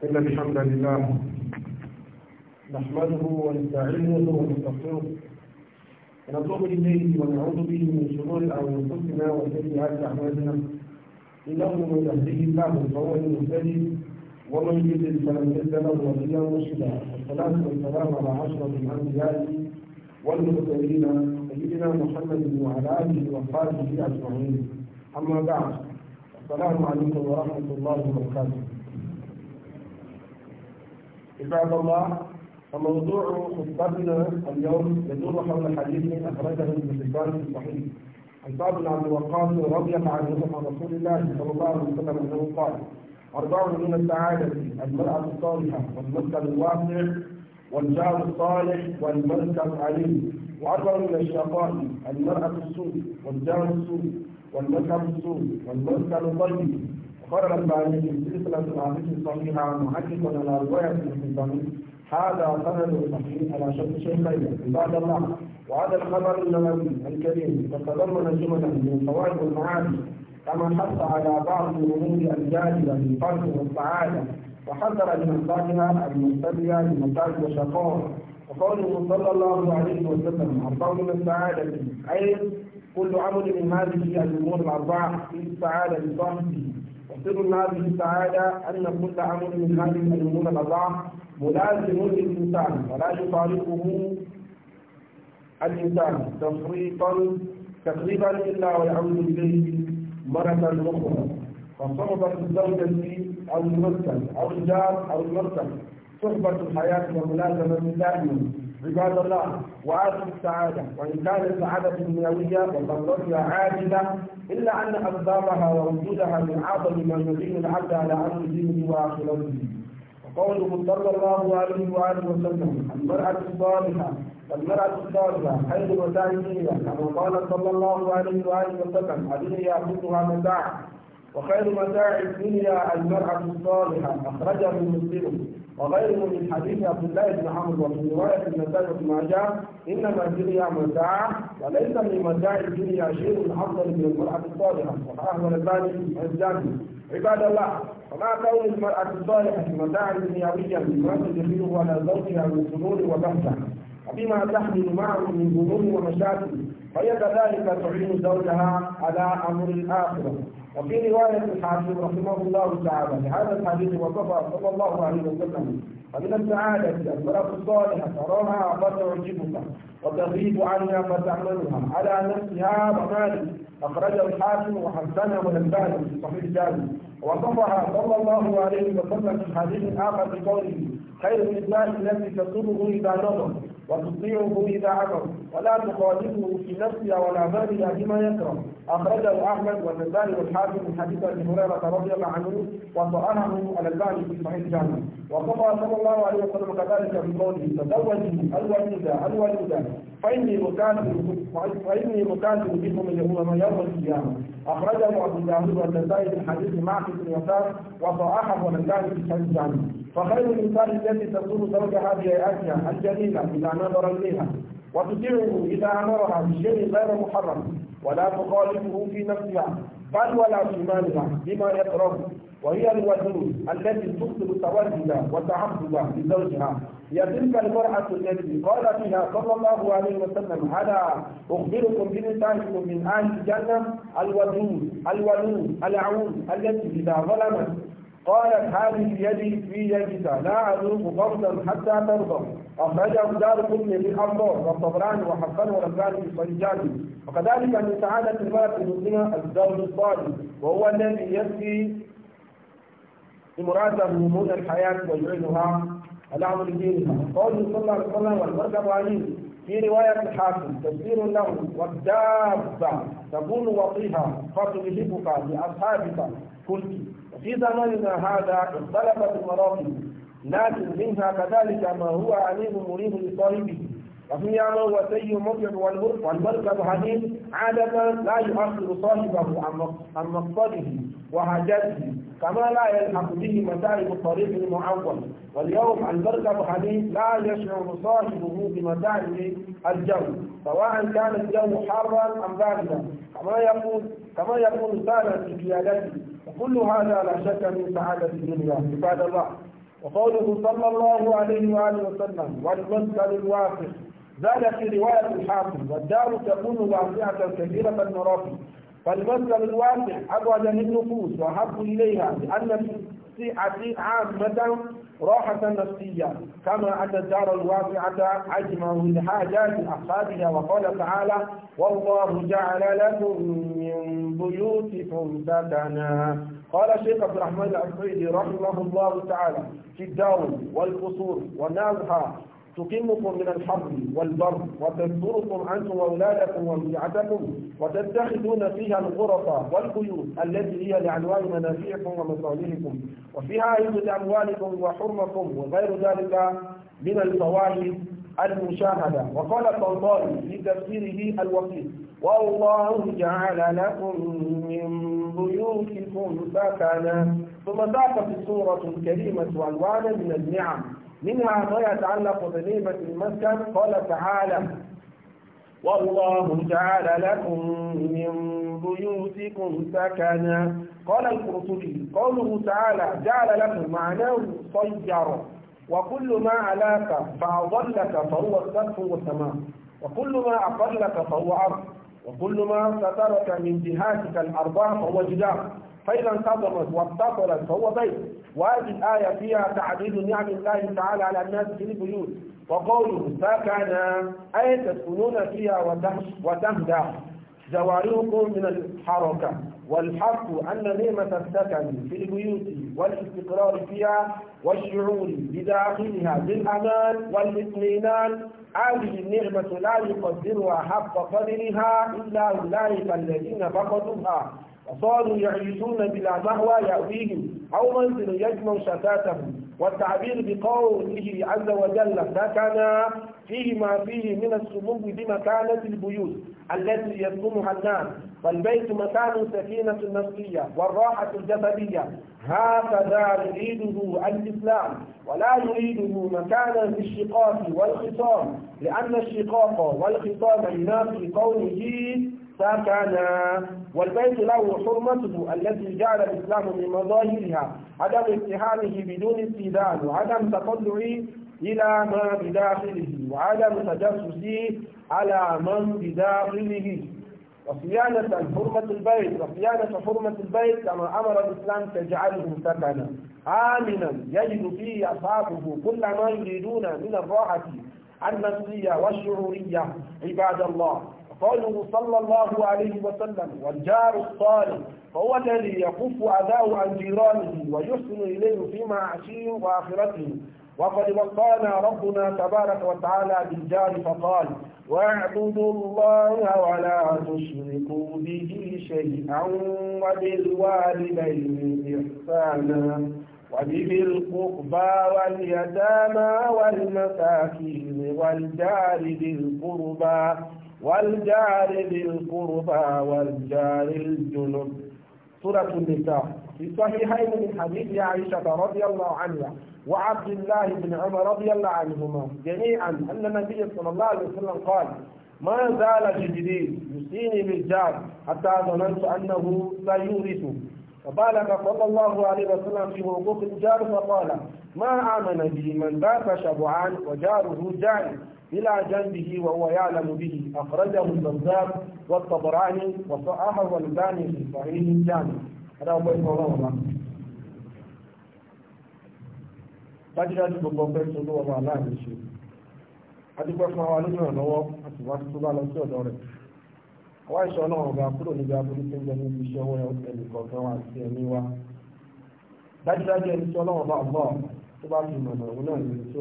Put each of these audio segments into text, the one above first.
إن الحمد لله نحمده ونستعينه ونستغفره ونتوب إليه ونعوذ به من شرور أنفسنا وسيئات أعمالنا إنه من يهديه الله فهو المهتدي ومن يضلل فلن يهد له وليا مرشدا والصلاة والسلام على أشرف الأنبياء والمرسلين سيدنا محمد وعلى آله وصحبه أجمعين أما بعد السلام عليكم ورحمة الله وبركاته عباد الله فموضوع خطبتنا اليوم يدور حول حديث أخرجه ابن حبان في الصحيح عن سعد بن عبد الوقاص رضي الله عنه عن رسول الله صلى الله عليه وسلم أنه قال أربع من السعادة المرأة الصالحة والمسكن الواسع والجار الصالح والمركب العليم وأربع من الشقاء المرأة السوء والجار السوء والمركب السوء والمسكن الطيب قرر الباني في سلسلة الأحاديث الصحيحة عن محدث على رواية الحباني هذا سند صحيح على شرط شيخين عباد الله وهذا الخبر النبوي الكريم تتضمن جملا من فوائد المعاني كما حث على بعض الأمور الجاهلة للفرد والسعادة وحذر من أخلاقها المستبدية لمتاعب وشقاء وقوله صلى الله عليه وسلم أربع من السعادة أي كل عمل من هذه الأمور الأربعة في السعادة لصاحبه سر هذه تعالى أن كل عمل من هذه الأمور الأربعة ملازم للإنسان ولا يفارقه الإنسان تفريطا تقريبا إلا ويعود إليه مرة أخرى فصحبة الزوجة أو المسكن أو الجار أو المركز صحبة الحياة وملازمة دائما عباد الله وآتوا السعادة وإن كانت السعادة دنيوية وضرورية عاجلة إلا أن أسبابها ووجودها من أعظم ما يعين العبد على أمر دينه وآخرته وقوله صلى الله عليه وآله وسلم المرأة الصالحة المرأة الصالحة حيض وسائل كما قال صلى الله عليه وآله وسلم هذه يأخذها متاع وخير متاع الدنيا المرأة الصالحة أخرجه مسلم وغيره من حديث عبد الله بن عمرو وفي رواية النسائي بن ماجه إنما الدنيا متاع وليس من متاع الدنيا شيء أفضل من المرأة الصالحة صححه الألباني الجامع عباد الله وما كون المرأة الصالحة متاعا دنيويا بما تدخله على زوجها من سرور وبهجة وبما تحمل معه من هموم ومشاكل فهي كذلك تعين زوجها على أمر الآخرة وفي رواية الحاكم رحمه الله تعالى لهذا الحديث وصفه صلى الله عليه وسلم فمن السعادة المرأة الصالحة تراها فتعجبك وتغيب عنها فتعملها على نفسها ومالك أخرجه الحاكم وحسنه والألباني في صحيح جابر وصفها صلى الله عليه وسلم في حديث آخر بقوله خير الإسلام الذي تطلبه إذا نظر وتطيعه إذا عمر ولا تخالفه في نفسها ولا مالها بما يكره أخرجه أحمد والنسائي والحاكم من حديث أبي هريرة رضي الله عنه على الألباني في صحيح الجامع وقضى صلى الله عليه وسلم كذلك بقوله تزوجي الوليدة الوليدة فإني مكاتب فإني مكاتب بكم اليوم يوم القيامة أخرجه أبو داود والنسائي من حديث معقل بن يسار وصححه الألباني في صحيح الجامع فخير الإنسان التي تزور زوجها بهيئتها الجميلة إذا نظر إليها وتطيعه إذا أمرها بشيء غير محرم ولا تخالفه في نفسها بل ولا في مالها بما يكره وهي الوجود التي تبطل توجدا وتعبدا لزوجها هي تلك المرأة التي قال فيها صلى الله عليه وسلم ألا أخبركم بنسائكم من أهل الجنة الودود الولود العود التي إذا ظلمت قالت هذه يدي في يدك لا أذوق قبضا حتى ترضى أخرجه دار قطني بالأنظار والطبران وحقن والألباني في صحيحاته وكذلك من سعادة المرأة المسلمة الزوج الصالح وهو الذي يسقي امرأته من الحياة ويعينها على أمر دينها قوله صلى الله عليه وسلم والمركب عليه في رواية الحاكم تفسير له والدابة تقول وطيها فتلهبك لأصحابك قلت وفي زماننا هذا اختلفت المراقب لكن منها كذلك ما هو عليه مريب لصاحبه وفي ما هو سيء مطلق والمرق والمركب حديث عادة لا يؤخر صاحبه عن مقصده وحاجته كما لا يلحق به متاعب الطريق المعول واليوم المركب حديث لا يشعر صاحبه بمتاعب الجو سواء كان الجو حارا أم باردا كما يقول كما يقول سالم في قيادته وكل هذا لا شك من سعادة الدنيا عباد الله وقوله صلى الله عليه وآله وسلم والمسكن الواقف زاد في رواية الحاكم والدار تكون واسعة كثيرة المرافق فالمسجد الواسع أبعد للنفوس وأحب إليها لأن في سعة عامة راحة نفسية كما أن الدار الواسعة أجمع حاجات أصحابها وقال تعالى والله جعل لكم من بيوتكم سكنا قال الشيخ عبد الرحمن العفريدي رحمه الله تعالى في الدار والقصور والنازحة تقيمكم من الحر والبر وتذكركم أنتم وأولادكم ومتعتكم وتتخذون فيها الغرف والبيوت التي هي لعنوان منافعكم ومصالحكم وفيها عيد أموالكم وحرمكم وغير ذلك من الفوائد المشاهدة وقال الطنطاوي في تفسيره الوكيل والله جعل لكم من بيوتكم سكنا ثم ذاك في السورة الكريمة ألوانا من النعم منها ما يتعلق بنيمة المسكن قال تعالى والله جعل لكم من بيوتكم سكنا قال القرطبي قوله تعالى جعل لكم معناه صير وكل ما علاك فأضلك فهو السقف والسماء وكل ما أقلك فهو أرض وكل ما سترك من جهاتك الأربعة فهو جدار فإذا انتظمت واتصلت فهو بيت وهذه الآية فيها تعديد نعم الله تعالى على الناس في البيوت وقوله سكن أي تسكنون فيها وتهدى جواركم من الحركة والحق أن نعمة السكن في البيوت والاستقرار فيها والشعور بداخلها بالأمان والاطمئنان هذه النعمة لا يقدرها حق قدرها إلا أولئك الذين فقدوها صاروا يعيشون بلا مهوى يأويهم أو منزل يجمع شتاتهم والتعبير بقوله عز وجل ما كان فيه ما فيه من السمو بمكانة البيوت التي يسكنها الناس فالبيت مكان سكينة نفسية والراحة الجسدية هكذا يريده الإسلام ولا يريده مكانا للشقاق والخصام لأن الشقاق والخصام ينافي قوله سكنا والبيت له حرمته التي جعل الإسلام من مظاهرها عدم اتهامه بدون استئذان وعدم تطلعه إلى ما بداخله وعدم تجسسه على من بداخله وصيانة حرمة البيت وصيانة حرمة البيت كما أمر الإسلام تجعله سكنا آمنا يجد فيه أصحابه كل ما يريدون من الراحة النفسية والشعورية عباد الله قوله صلى الله عليه وسلم والجار الصالح فهو الذي يكف أذاه عن جيرانه ويحسن إليه في معاشه وآخرته وقد وقانا ربنا تبارك وتعالى بالجار فقال واعبدوا الله ولا تشركوا به شيئا وبالوالدين إحسانا وبذي القربى واليتامى والمساكين والجار ذي والجار ذي القربى والجار الجنب سورة النساء في صحيحين من حديث عائشة رضي الله عنها وعبد الله بن عمر رضي الله عنهما جميعا أن النبي صلى الله عليه وسلم قال ما زال جبريل يسيني بالجار حتى ظننت أنه لا سيورث فبالغ صلى الله عليه وسلم في حقوق الجار فقال ما آمن به من بات شبعان وجاره جائع إلى جنبه وهو يعلم به أخرجه البزار والطبراني وصححه الباني في صحيح الجامع هذا هو بيت الله dájúdájú gbogbo ọpẹ́ tó ló wà láàrin ṣe adúpẹ́ fún àwọn alójú ìrànlọ́wọ́ àti wá tó bá lọ sí ọ̀dọ̀ rẹ̀ àwa ìṣọ náà ọba kúrò níbi aburú tó ń jẹ níbi iṣẹ́ ọwọ́ ẹnì kọ̀ọ̀kan wa wa dájúdájú ẹni tí ọlọ́wọ́ bá ń bọ̀ tó bá fi mọ̀nà òun náà ní tó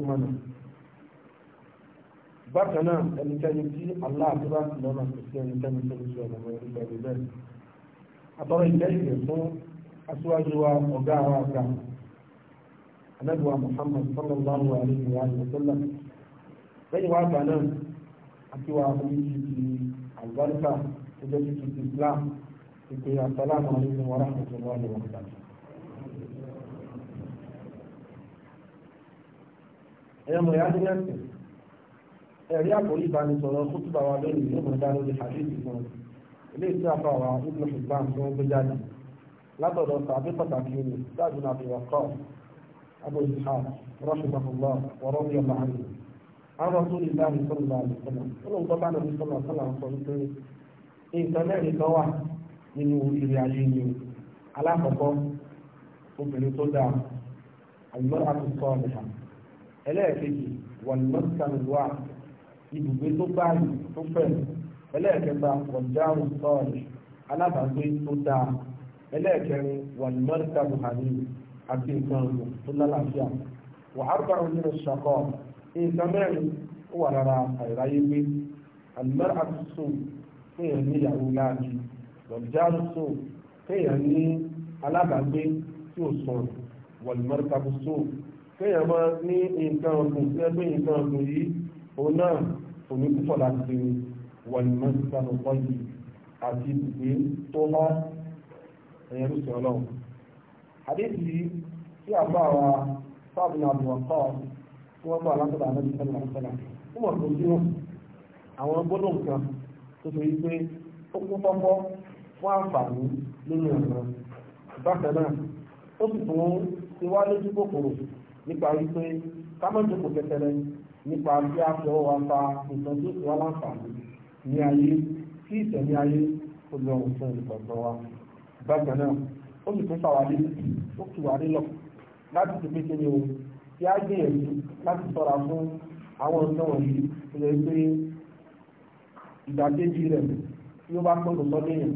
bákan náà ẹnikẹ́ni tí Allah tó bá sì lọ́nà kò sí ẹnikẹ́ni tó ń sọ ọ̀nà ẹ̀rọ ìgbàlódé bẹ́ẹ̀. àtọ́rọ̀ ìjẹ́ ìgbẹ́ fún aṣíwájú wa ọ̀gá wa àgbà anábìwá Muhammad sallallahu alayhi wa sallam lẹ́yìn wá àgbà náà àti wà oríṣi ti àlùbáríkà tó jẹ́ ti Islam ìpè àsálàmù alaykum wa rahmatullahi wa barakatuh. ẹ̀yọ́ mọ̀ yá ẹ̀rí àkòrí ìbánisọ̀rọ̀ kútùbà wa lónìí ló mọ̀ dá lórí hadith fún un ilé tí a fa wa ibn hibban tí wọ́n gbé jáde látọ̀dọ̀ tàbí pàtàkì ni dáàbò náà fi wà kọ́ abu ishaq rahimahullah wa rọ́bì ọba àmì àwọn ọ̀tún ìlú àmì sọ̀rọ̀ bá àmì sọ̀rọ̀ ó lóun tọ́ba náà fi sọ̀rọ̀ sọ̀rọ̀ sọ wípé nǹkan mẹ́rin kan wà nínú ìrì ayé ni alákọ̀ọ́kọ́ obìnrin tó dáa àlùmọ́ àti sọ̀rọ̀ ẹlẹ́ẹ̀kejì wà ní mọ́tàn wà ibùgbé tó báyìí tó fẹ̀ ẹlẹ́ẹ̀kẹta wọ̀jáàrú sọ́ọ̀lì alábàágbé tó dáa ẹlẹ́ẹ̀kẹrin wàlúmọ́ríkà buhari àti nǹkan ọ̀gbìn tó lálàáfíà wà á bá òun nínú ṣàkọ́ nǹkan mẹ́rin ó wà rárá àìráyé gbé àlùmọ́rí àtúnṣe kéèyàn ní ìyàwó láàbí wọ̀jáàrú sọ kéèyàn ní alábàágbé tí ò sọ̀rọ̀ wàlúmọ́ríkà buhari kéèyàn máa ní nǹkan ọ̀gbìn tí ẹgbẹ́ nǹkan ọ̀gbìn yìí òun náà òní púpọ̀ láti ṣe wà ní mọ́sítàlù pọ́yì àti ìgbé tó bá ẹ̀yẹn lùsọ̀ ọlọ́run. àdéhùn yìí tí a bá wa sáàbùn àbùwọ̀kọ́ tí wọ́n bá aláṣọ àwọn ẹbí sẹ́lẹ̀ àṣẹlẹ̀ fún ọ̀tọ̀ sí wọn àwọn gbọ́dọ̀ nǹkan tó ṣe wípé ó kún fọ́fọ́ fún àǹfààní nínú ọ̀nà bákan náà ó sì tún ti wá lójú kòkòrò nípa wípé ká má jókòó kẹtẹrẹ nípa bí a fọwọ́ wa fa nǹkan tó ti wá láǹfààní ní ayé tí ìtẹ̀lé ayé ó lọ òfin ìgbọ̀gbọ̀ wa bákan náà ó sì tún fàwálé ó tù wá nílọ láti ti pété ní o tí a gbìyànjú láti sọ̀ra fún àwọn ọ̀sán wọ̀nyí tó yẹ pé ìdàkejì rẹ̀ tí ó bá pẹ́ kò sọ́dọ̀ èèyàn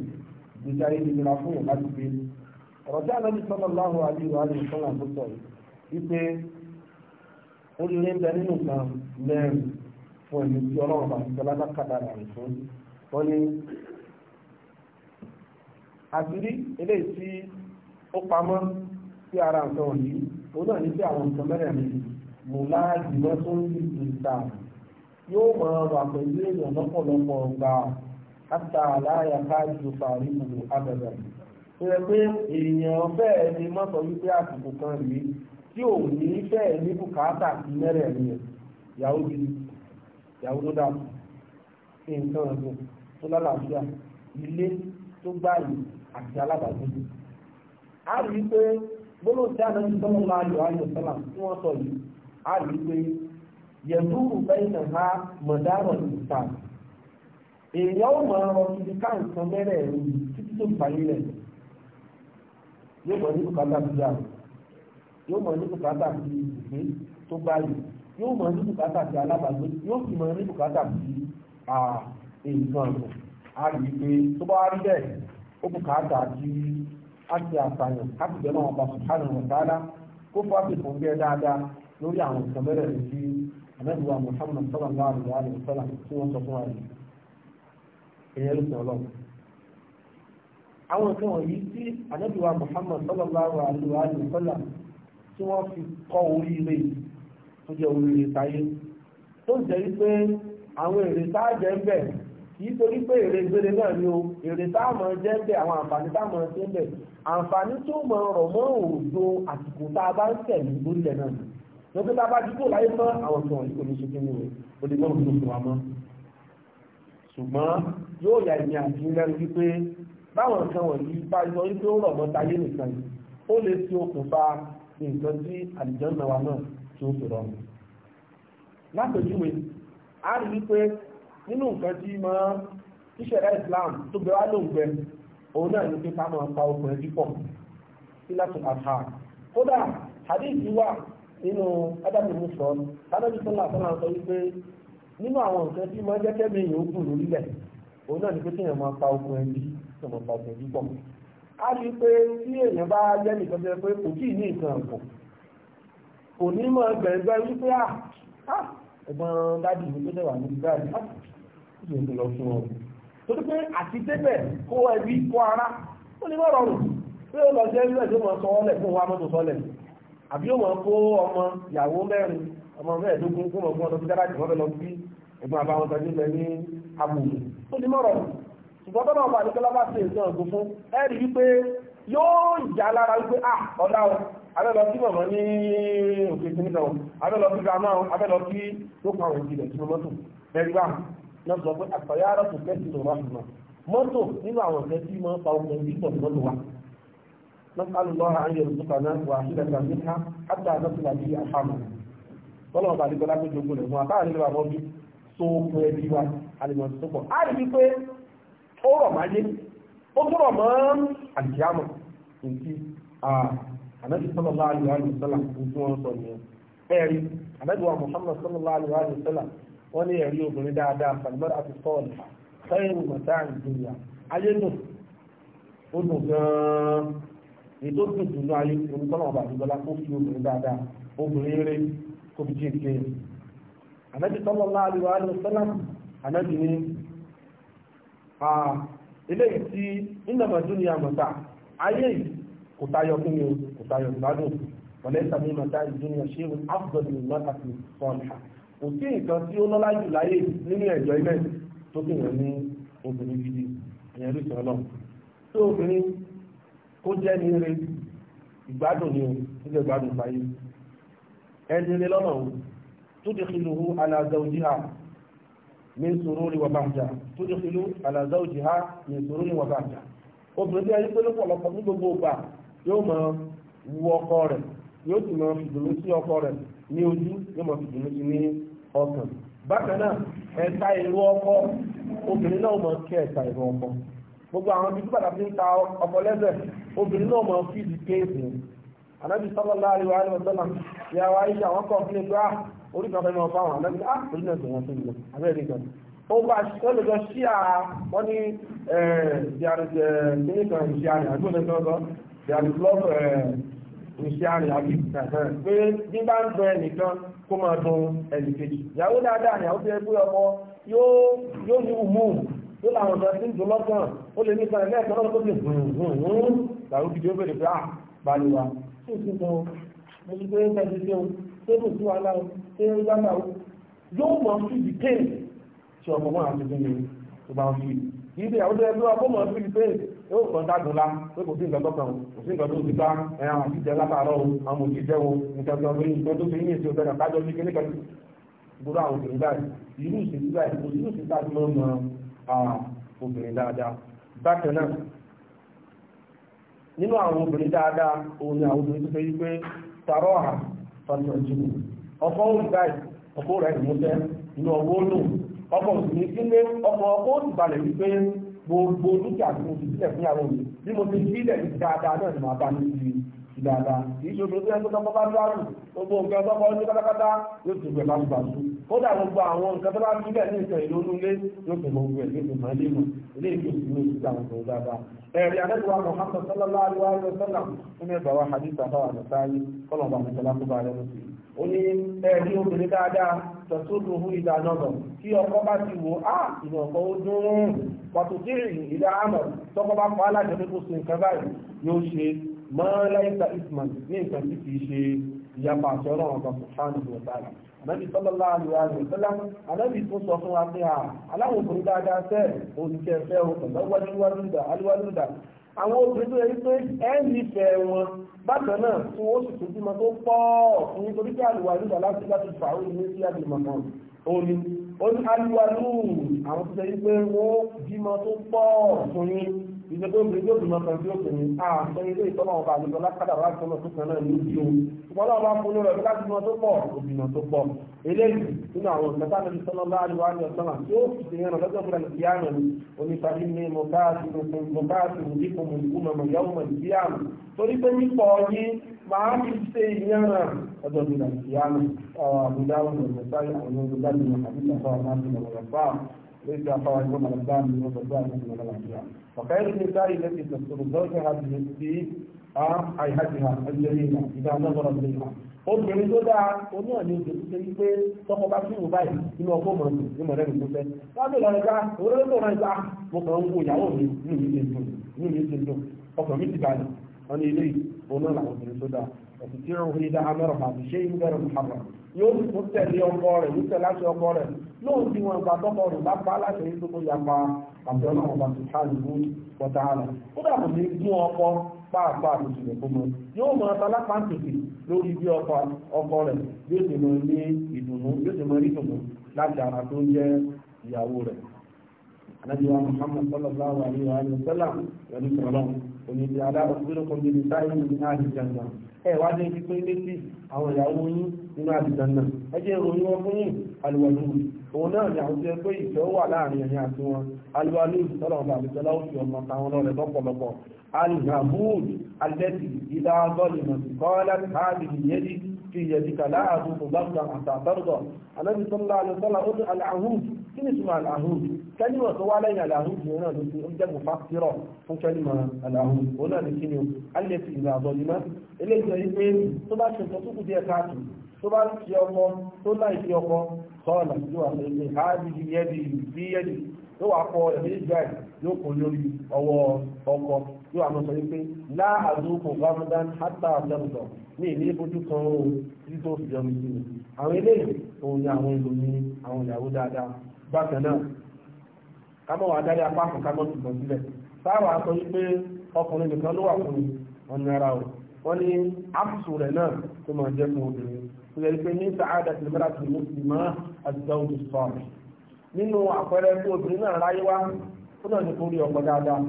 ìgbésí ayé nira fún yàn láti gbé ọ̀rọ̀ tí a lọ́ọ́ sọ́dọ̀ láhùn àdìrò àdìrò sọ́nà tó sọ̀rọ̀ wípé oríire ń bẹ nínú kan mẹ́rin fún ẹni tí ọlọ́run bá ti tọ́lá bá kàdàrà fún wọn ni àṣírí eléyìí tí ó pamọ́ sí ara nǹkan wọ̀nyí òun náà ní sí àwọn nǹkan mẹ́rẹ̀ẹ̀rin mò láàyè mọ́ tó ń yí ìta yóò máa wà pẹ̀lú èèyàn lọ́pọ̀lọpọ̀ gbà áta àláyà káàdì fàárí gbogbo abẹ́rẹ́ tó pé èèyàn bẹ́ẹ̀ ni mọ́tò wípé àsìkò kan rèé tí ò ní bẹ́ẹ̀ ní bùkátà sí mẹ́rẹ̀ ẹ̀mí ẹ̀ yàwó bí yàwó ló dà sí nǹkan ọ̀gbìn tó lálàáfíà ilé tó gbáyé àti alábàágbé. a rí i pé gbólóhùn tí a náà ti sọ́nà máa lò ayọ̀ sọ́nà tí wọ́n sọ yìí a rí i pé yẹ̀dúrù bẹ́ẹ̀ ha mọ̀dáràn ìta èèyàn ò mọ̀ ọ̀rọ̀ ibi ká nǹkan mẹ́rẹ̀ ẹ̀mí títí tó fàyè rẹ̀ yóò yóò mọ̀ ní bùkátà sí ìgbé tó báyìí yóò mọ̀ ní bùkátà sí alábàágbé yóò sì mọ̀ ní bùkátà sí nǹkan ọ̀gbìn a i pé tó bá rí bẹ́ẹ̀ ó bùkátà sí àti àṣàyàn láti bẹ̀rẹ̀ àwọn ọba sùkánù wọn dáadáa kó fọ́ àti fún bẹ́ẹ̀ dáadáa lórí àwọn nǹkan mẹ́rẹ̀ rẹ̀ sí Muhammad tí wọ́n sọ tí wọ́n fi kọ́ oríire tó jẹ́ oríire táyé tó jẹ́ wípé àwọn èrè tá ń bẹ̀ kì torí pé èrè gbére náà ni o èrè tá jẹ́ ń bẹ̀ àwọn àǹfààní tá a jẹ́ ń bẹ̀ àǹfààní tó mọ̀ rọ̀ mọ́ òòjò àsìkò tá a bá ń tẹ̀lé lórílẹ̀ náà lọ́pẹ́ tá a bá dúpọ̀ láyé mọ́ àwọn tó wọ̀nyí kò ní ṣe kíni rẹ̀ ó lè mọ́ fún wa mọ́ ṣùgbọ́n yóò yà ìyẹn àti lẹ́nu wípé báwọn nǹkan wọ̀nyí bá yọ wípé ó rọ̀ mọ́ táyé nìkan yìí ó lè fi okùnfà nǹkan tí àlìjọ́nà wa náà tó fi rọrùn. lápèjúwe a rí pé nínú nǹkan tí mọ ìṣẹ̀lẹ̀ Islam tó gbé wá lóògbé òun náà ní pé ká máa pa sí láti àṣà kódà hadith wà nínú adájọ́ mi sọ sọ wípé nínú àwọn nǹkan tí mọ jẹ́kẹ́ mi lórílẹ̀ òun náà pé kéèyàn máa pa bí kéèyàn máa pa a rí pé tí èèyàn bá lẹ́nu ìtọ́jú pé kò tí ní nǹkan ọ̀pọ̀ kò ní mọ̀ gbẹ̀gbẹ́ wípé à ah, ah, ẹ̀gbọ́n dádì mi tó dẹ̀wà níbi báyìí á sì ń lọ fún ọ. torí pé àti débẹ̀ kó ẹbí kó ara ó ní mọ̀rọ̀ rò pé ó lọ sí ẹbí tó mọ̀ sọ fún wa mọ́tò sọ́lẹ̀ àbí ó mọ̀ kó ọmọ ìyàwó mẹ́rin ọmọ mẹ́ẹ̀ẹ́dógún fún ọgbọ́n ọdún dáradì wọ́n fẹ́ lọ ṣùgbọ́n tọ́lọ̀ ọba àdìkọ́lá bá ṣe ìjọ ọ̀gbọ̀n fún ẹ̀rí wípé yóò yà lára wípé à ah, ọ̀dá o abẹ́lọ sí mọ̀mọ́ ní òkè sí nígbà wọn abẹ́lọ sí gramá o abẹ́lọ sí ló pa àwọn ìjìnlẹ̀ sínú mọ́tò ẹ̀rí bá lọ sọ pé àtọ̀yá ara kò fẹ́ sínú wa ṣùgbọ́n mọ́tò nínú àwọn ọ̀fẹ́ tí mọ́ pa omi ní pọ̀ mọ́tò wa lọ́sàlùlọ́ra ayé olùsọ́kàná wà sílẹ̀ gbàmíkà àti àdọ́sílà bí àfàmù tọ́lọ̀ ọba àdìkọ́lá pé jogun rẹ̀ fún abáàrin lè bí tó kún ẹbí wa àlèmọ̀ tó pọ̀ á rí wípé ó rọ̀ máyé ó tó rọ̀ mọ́ àdìyámọ̀ nítí ànábì sallallahu alaihi wa sallam kò wọn sọ nìyẹn ẹ̀rí ànábì wa Muhammad sallallahu alaihi wa sallam wọ́n ní ẹ̀rí obìnrin dáadáa pàlùmọ́rà àti sọ́ọ̀lù khairu mata'id dunya ayé nù ó nù gan-an ètò tó dùn ní ayé onítọ́nà ọba àdúgbọ́lá kó fi obìnrin dáadáa obìnrin eré kó fi jíǹkì ànábì sallallahu alaihi wa sallam ànábì ilé tí ìnàmọ̀dún ni àmọ̀ta ayé kò tayọ kí ni kò tayọ ìgbádùn wọ̀lẹ́ ìsàmì ìmọ̀ta ìdúnni ọ̀ṣẹ́gun afghan ni wọ́n kàfi fọ́ọ̀nà kò sí nǹkan tí ó lọ́lá jù láyé nínú ẹ̀jọ́ ilẹ̀ tó kì wọ́n ní obìnrin gidi ìyẹn ló sọ lọ tó obìnrin kó jẹ́ ní ire ìgbádùn ni o nígbà ìgbádùn fàyè ẹni lé lọ́nà o tó dìkìlù hu alazawjiha min sururi wa bahja tudkhilu ala zawjiha min sururi wa bahja obìnrin tí a yí pé lọ́pọ̀lọpọ̀ ní gbogbo ìgbà y'o máa wu ọkọ rẹ̀ yóò sì máa o sí ọkọ rẹ̀ ní ojú yóò máa bákan náà ìlú ọkọ obìnrin náà máa kẹ́ ẹta ìlú ọkọ gbogbo àwọn ibi tí fi ń ta ọkọ obìnrin náà ìyàwó orí kan fẹ́ mọ́ fáwọn àlọ́ nígbà ah, orí náà tẹ̀wọ́n fún mi abẹ́rẹ́ ìgbà ó bá ṣọ́lọ́jọ́ sí à wọ́n ní ẹ̀ẹ́dìyàrẹ̀dìyàrẹ̀ ìṣẹ́àrẹ̀ àgbọ̀nẹ́sọ́gọ́ ìṣẹ́àrẹ̀ àbí pé bí bá ń bẹ nìkan kó máa dùn ẹnìkejì ìyàwó dáadáa ni àwọn tó yẹ pé ọmọ yóò ní ìmú tó láwọn ọ̀dọ́ sí ń dùn lọ́gàn ó lè nípa ẹ̀lẹ́ ẹ̀kọ́ lọ́dún tó lè hùn hùn làwọn òbí ṣé kò sí wàhálà ṣé ń gbá náà yóò mọ̀ sí the pain tí ọmọ wọn àti bí tó bá ń fi ibi àwọn ọdún ẹgbẹ́ ọkọ̀ mọ̀ sí the pain yóò kàn dágun la pé kò sí nǹkan tó kàn kò sí nǹkan tó ti bá ẹran àti jẹ látàárọ̀ o àwọn òjì jẹ́ o nǹkan tó ń nǹkan tó ti ní èsì ọ̀sẹ̀ kàkájọ́ bí kíní kan gbogbo àwọn obìnrin báyìí irú ìṣèlú báyìí kò sí irú ìṣèlú báyìí ló ń obìnrin dáadáa bákan náà nínú àwọn obìnrin dáadáa òun ni àwọn obìnrin tó fẹ́ yí pé tààrọ̀ àhàn tọ́jọ́ jùlọ ọkọ̀ ó gbà ọkọ̀ rẹ̀ ìmúṣẹ́ inú ọwọ́ lò ọkọ̀ òsìlẹ̀ sílé ọkọ̀ ọkọ̀ ó ti balẹ̀ wípé gbogbo dúkìá tí mo ti sílẹ̀ fún ìyàwó mi bí mo ti sílẹ̀ ní dáadáa náà dáadáa kì í ṣoṣo tí ẹni tó bá dáàbò gbogbo nǹkan tọ́kọ ní pátápátá yóò ti gbẹ̀ báṣu báṣu kódà gbogbo àwọn nǹkan tó bá ti bẹ̀ ní ìtàn ìlú onúlé yóò ti gbogbo ẹ̀ yóò ti mọ̀ ilé mọ̀ ilé ìlú ìlú ìlú ìlú àwọn ọ̀dọ́ dáadáa. ẹ̀rí adẹ́gbẹ̀wá Muhammad sallallahu alayhi wa sallam fún mi bàbá hadith àbáwá nàtàlí kọ́lọ̀ bàbá mi sọlá tó bá rẹ̀ lọ́sí. ó ní ẹ̀rí obìnrin dáadáa tọ̀tún hu ìdá nọ́dọ̀ kí ọkọ bá ti wò á ìnà ọkọ ó dún pàtó dírì ìdá àmọ̀ tọkọ bá pa á láti ẹni kó sin nǹkan báyìí yóò ṣe máa láìka isman ní nǹkan tí kìí ṣe ìyapa àti ọlọ́run ọba subhanahu wa ta'ala ànábì sallallahu alaihi wa sallam ànábì tó sọ fún wa pé à aláwọ̀ obìnrin dáadáa fẹ́ oníṣẹ́ fẹ́ o pẹ̀lú aliwalúdà àwọn obìnrin tó yẹ pé ẹ nífẹ̀ẹ́ wọn bákan náà tí wọ́n sì tún bímọ tó pọ̀ fún nítorí pé aliwalúdà láti láti fà ó ní sí àdìmọ̀ kan òní ó ní aliwalú àwọn tó yẹ pé wọ́n bímọ tó pọ̀ fún yín ìgbẹ́ tó ń bẹ yóò tún ọkàn tí ó pè ní àṣọ ilé ìtọ́nà ọba àlejò lákàdà wá sọ́nà tó kan náà ní ojú o ṣùgbọ́n náà bá fún lórí ọ̀dọ́ láti mọ tó pọ̀ òbìnà tó pọ̀ eléyìí nínú àwọn ìgbẹ́ta níbi sọ́nà bá àlejò àlejò sọ́nà tí ó sì ti yànnà lọ́jọ́ fúnra nìkí àná ni onífàdí ní mọ̀káàtì mọ̀káàtì òdìkù mọ̀lùkùmọ̀ yọ̀ọ̀mọ̀ nìkí àná torí pé nípa ọyí máa ń ṣe ìyànnà ọjọ́ fúnra nìkí àná àbúdá ọ̀nà ìgbẹ́ta àwọn olùdarí àbí ìtàkọ́ àbáṣe lọ́wọ́ ليس أخوان يوم الأسلام من الأسلام من الأسلام وخير النساء التي تستر زوجها في àìhájìhà ẹgbẹ̀rẹ̀mà ìdámọ́gbọ̀rọ̀ ìgbẹ̀rẹ̀mà obìnrin tó dáa oní ọ̀nà ìjọ tó ṣe pé tọkọ bá fún ìwọ̀n báyìí nínú ọkọ̀ mọ̀ ní ìmọ̀lẹ́ nìkú fẹ́ láti lọ ẹ̀ka òróró tó máa ń gbà ah, mo kàn ń wo ìyàwó mi ní mi ṣe dùn ní mi ṣe dùn ọkàn mi ti balẹ̀ wọn ní ilé ìfowópamọ́ obìnrin tó dáa وتطيعه إذا أمرها بشيء غير محرم yóò sì tún tẹ̀lé ọkọ rẹ̀ yóò tẹ̀lé aṣọ ọkọ rẹ̀ lóun ti wọn ìgbà tọkọ rẹ̀ bá bá láṣẹ yìí tó kó yapa àbẹ̀ ọlọ́run bá tún káàlì mú wọ́tá àlà ó dàbò ní gún ọkọ pàápàá àti ìṣẹ̀lẹ̀ fún wọn yóò mọ ọtalápá tètè lórí bí ọkọ ọkọ rẹ̀ yóò sì mọ ní ìdùnnú yóò sì mọ ní ìdùnnú láti ara tó ń jẹ́ ìyàwó rẹ̀ anabi wa muhammad sallallahu alayhi wa sallam yọ̀ní sọ̀rọ̀ òní ti aláàbọ̀sọ́lọ́kọ̀ níbi sáyẹn ní àdìjànà ẹ wá ní ibi pé létí àwọn ìyàwó yín nínú àdìjànà ẹ jẹ́ ìròyìn wọn fún yín alùwàlù òun náà ni àwọn tí ẹ pé ìfẹ́ wà láàrin ẹ̀yìn àti wọn alùwàlù sọ̀rọ̀ ọ̀bà àbísọ́lá ó fi ọmọ táwọn lọ́rẹ̀ lọ́pọ̀lọpọ̀ alùhàmúd alẹ́tì ìdá ọgọ́lùmọ̀ sí kọ́ọ́lá káàdì ìyẹ́dì fi yẹ̀dìkà láàrú bùbáwùdà àtàbárùdọ̀ anábì sọ́lá alẹ́sọ́lá ó ní aláhùn kí ni ìtumọ̀ aláhùn kẹ́límà tó wá lẹ́yìn aláhùn yìí náà ló ti ń jẹ́ mufasirọ̀ fún kẹ́límà aláhùn ó náà ní kí ni alẹ́ ti ìlà àbọ̀límọ́ eléyìí sọ pé tó bá ṣe nǹkan díẹ̀ káàtó tó bá ti ọkọ tó láì fi ọkọ sọ́ọ̀nà yóò wà pé yóò wá kọ ẹ̀mí israel yóò kó lórí ọwọ́ ọkọ yóò àmọ́ sọ wípé láàdúkò bámúdán hátà àbẹ́rùdọ̀ ní ìní ojú kan ó tí tó fi jọmi sí àwọn eléyìí òun ni àwọn èlò ní àwọn ìyàwó dáadáa bákan náà kámọ́ wà dáadáa pápọ̀ kámọ́ ti bọ̀ sílẹ̀ sáwà sọ wípé ọkùnrin nìkan ló wà fún ọ̀nà ara o wọ́n ní ápùsù rẹ̀ náà tó máa jẹ́ fún obìnrin tó yẹ nínú àpẹẹrẹ bí obìnrin náà ráyé wá ó náà ní kó rí ọkọ dáadáa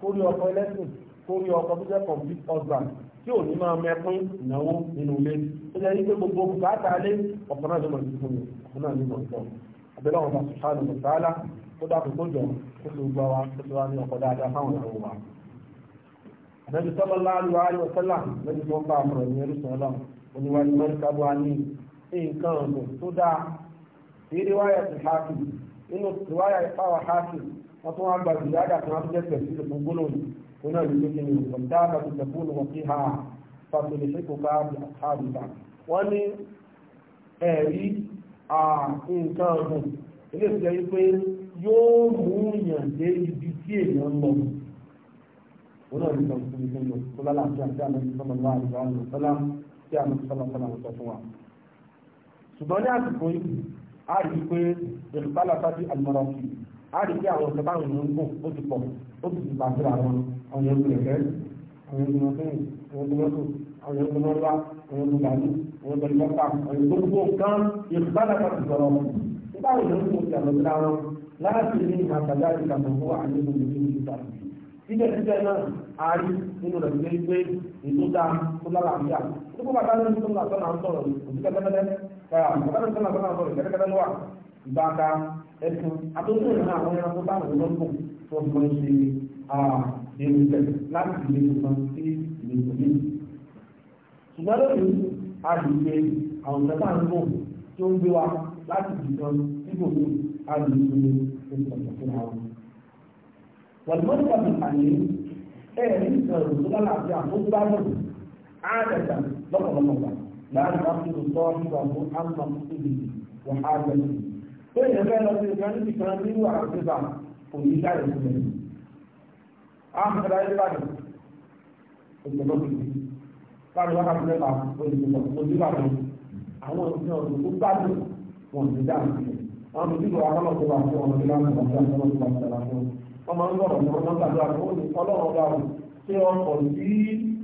kó rí ọkọ ẹlẹ́sìn kó rí ọkọ tó jẹ́ complete husband tí ò ní máa mẹ́pín ìnáwó nínú ilé ó jẹ́ wípé gbogbo bùkátà lé ọ̀pọ̀ náà ló mọ̀ sí fún mi ọ̀pọ̀ náà ló mọ̀ sí fún mi àbẹ̀lẹ̀ ọ̀pọ̀ sùhánù mọ̀tàlá ó dákun tó jọ ó sì gbọ́ wa ó sì wá ní ọkọ dáadáa fáwọn ìyàwó wa. Ànábì sallallahu alaihi wa sallam lẹ́bi tó ń bá àmọ̀ràn ní ẹrú sọ̀rọ̀ oníwájú mẹ́ríkà bó a ní nǹkan ọ̀gbìn tó dáa èyí wáyà ti hákì nínú tìwáyà ìpáwà hákì wọ́n tún wá gba ìyáàdà kan tó jẹ́ pẹ̀lú ìlú gbólóhùn tó náà ló lókè ní ọ̀dá àbàtì tẹ̀kùn wọn kí ha fàtòlè ṣe kò káà bí àbíbá wọ́n ní ẹ̀rí nǹkan ọ̀gùn ilé ìjẹ́ wípé yóò mú yàn dé ibi tí èèyàn lọ wọn náà nígbà tó ní sẹ́yìn tó lálàáfíà tí a mọ̀ sọ́mọ́ náà àdúrà ní ọ̀sán tí a mọ̀ sọ́mọ́ sọ́mọ́ sọ fún wa ṣùgbọ́n ní àsìkò yìí a rí pé ìrùbálà sáájú àlùmọ́rọ́kì a rí pé àwọn ìjọba àwọn ènìyàn ń bò ó ti pọ̀ ó ti ti bàtí àwọn àwọn ẹgbẹ́ ẹ̀fẹ́ àwọn ẹgbẹ́ ọ̀sẹ́yìn àwọn ẹgbẹ́ ọ̀sọ àwọn ẹgbẹ́ ọ̀lá àwọn ẹgbẹ́ ọ̀làdú àwọn ẹgbẹ́ ọ̀làpá àwọn ẹgbẹ́ gbogbo nǹkan ìrùbálà sáájú sọ̀rọ̀ nígbà wo ló ń kó ìjà lọ́dún ara wọn láti ní àtàlá ìkàtọ̀fọ́ àníbù nínú ìta síbẹ̀síbẹ̀ náà a rí nínú rẹ̀ pé pé ọ̀gá tó ń sọ̀rọ̀ sọ̀rọ̀ ìgbẹ́kẹ̀kẹ́ lọ́wọ́ ìgbàka ẹ̀sùn àtúntò ìrìnà àwọn ẹranko táwọn ọ̀dọ́ tó tó ń gbọ́n ṣe èrò tẹ̀ láti ìlú kan sí ìlú mi. ṣùgbọ́n lónìí a lè ṣe àwọn ìjọba ń bò tí ó ń gbé wa láti ìlú kan síbò mi a lè ṣe ìpàdé fún wa. wàlúwọ́n tàbí àyè ẹ̀ẹ́dì sọ̀rọ̀ tó bá láti àkókò bá lọ́dún á dàgbà lọ́pọ̀lọpọ̀ láti ápùlù tọ́ nígbà fún ámà síbi wọ́n á jẹ́ sí. Ṣé èèyàn fẹ́ lọ sí ìgbà níbi kan nínú àrùbíbà kò ní láì sí ẹ̀yìn? Ámùsọ̀lá yẹn bá dùn. Òṣèlú ti di. Láti wákàtí mẹ́ta olùdókòwò olùdókòwò àwọn òṣìṣẹ́ ọ̀dùn tó gbádùn wọn ti dáhùn sí i. Àwọn òṣìṣẹ́ ọ̀dùn tó bá fún ọmọdé láti wà sí àwọn ọmọdé láti wà fún ọmọ ńlọrọ̀ ní ọmọ gbàdúrà fún ọlọ́run ọba ṣé ọkọ̀ sí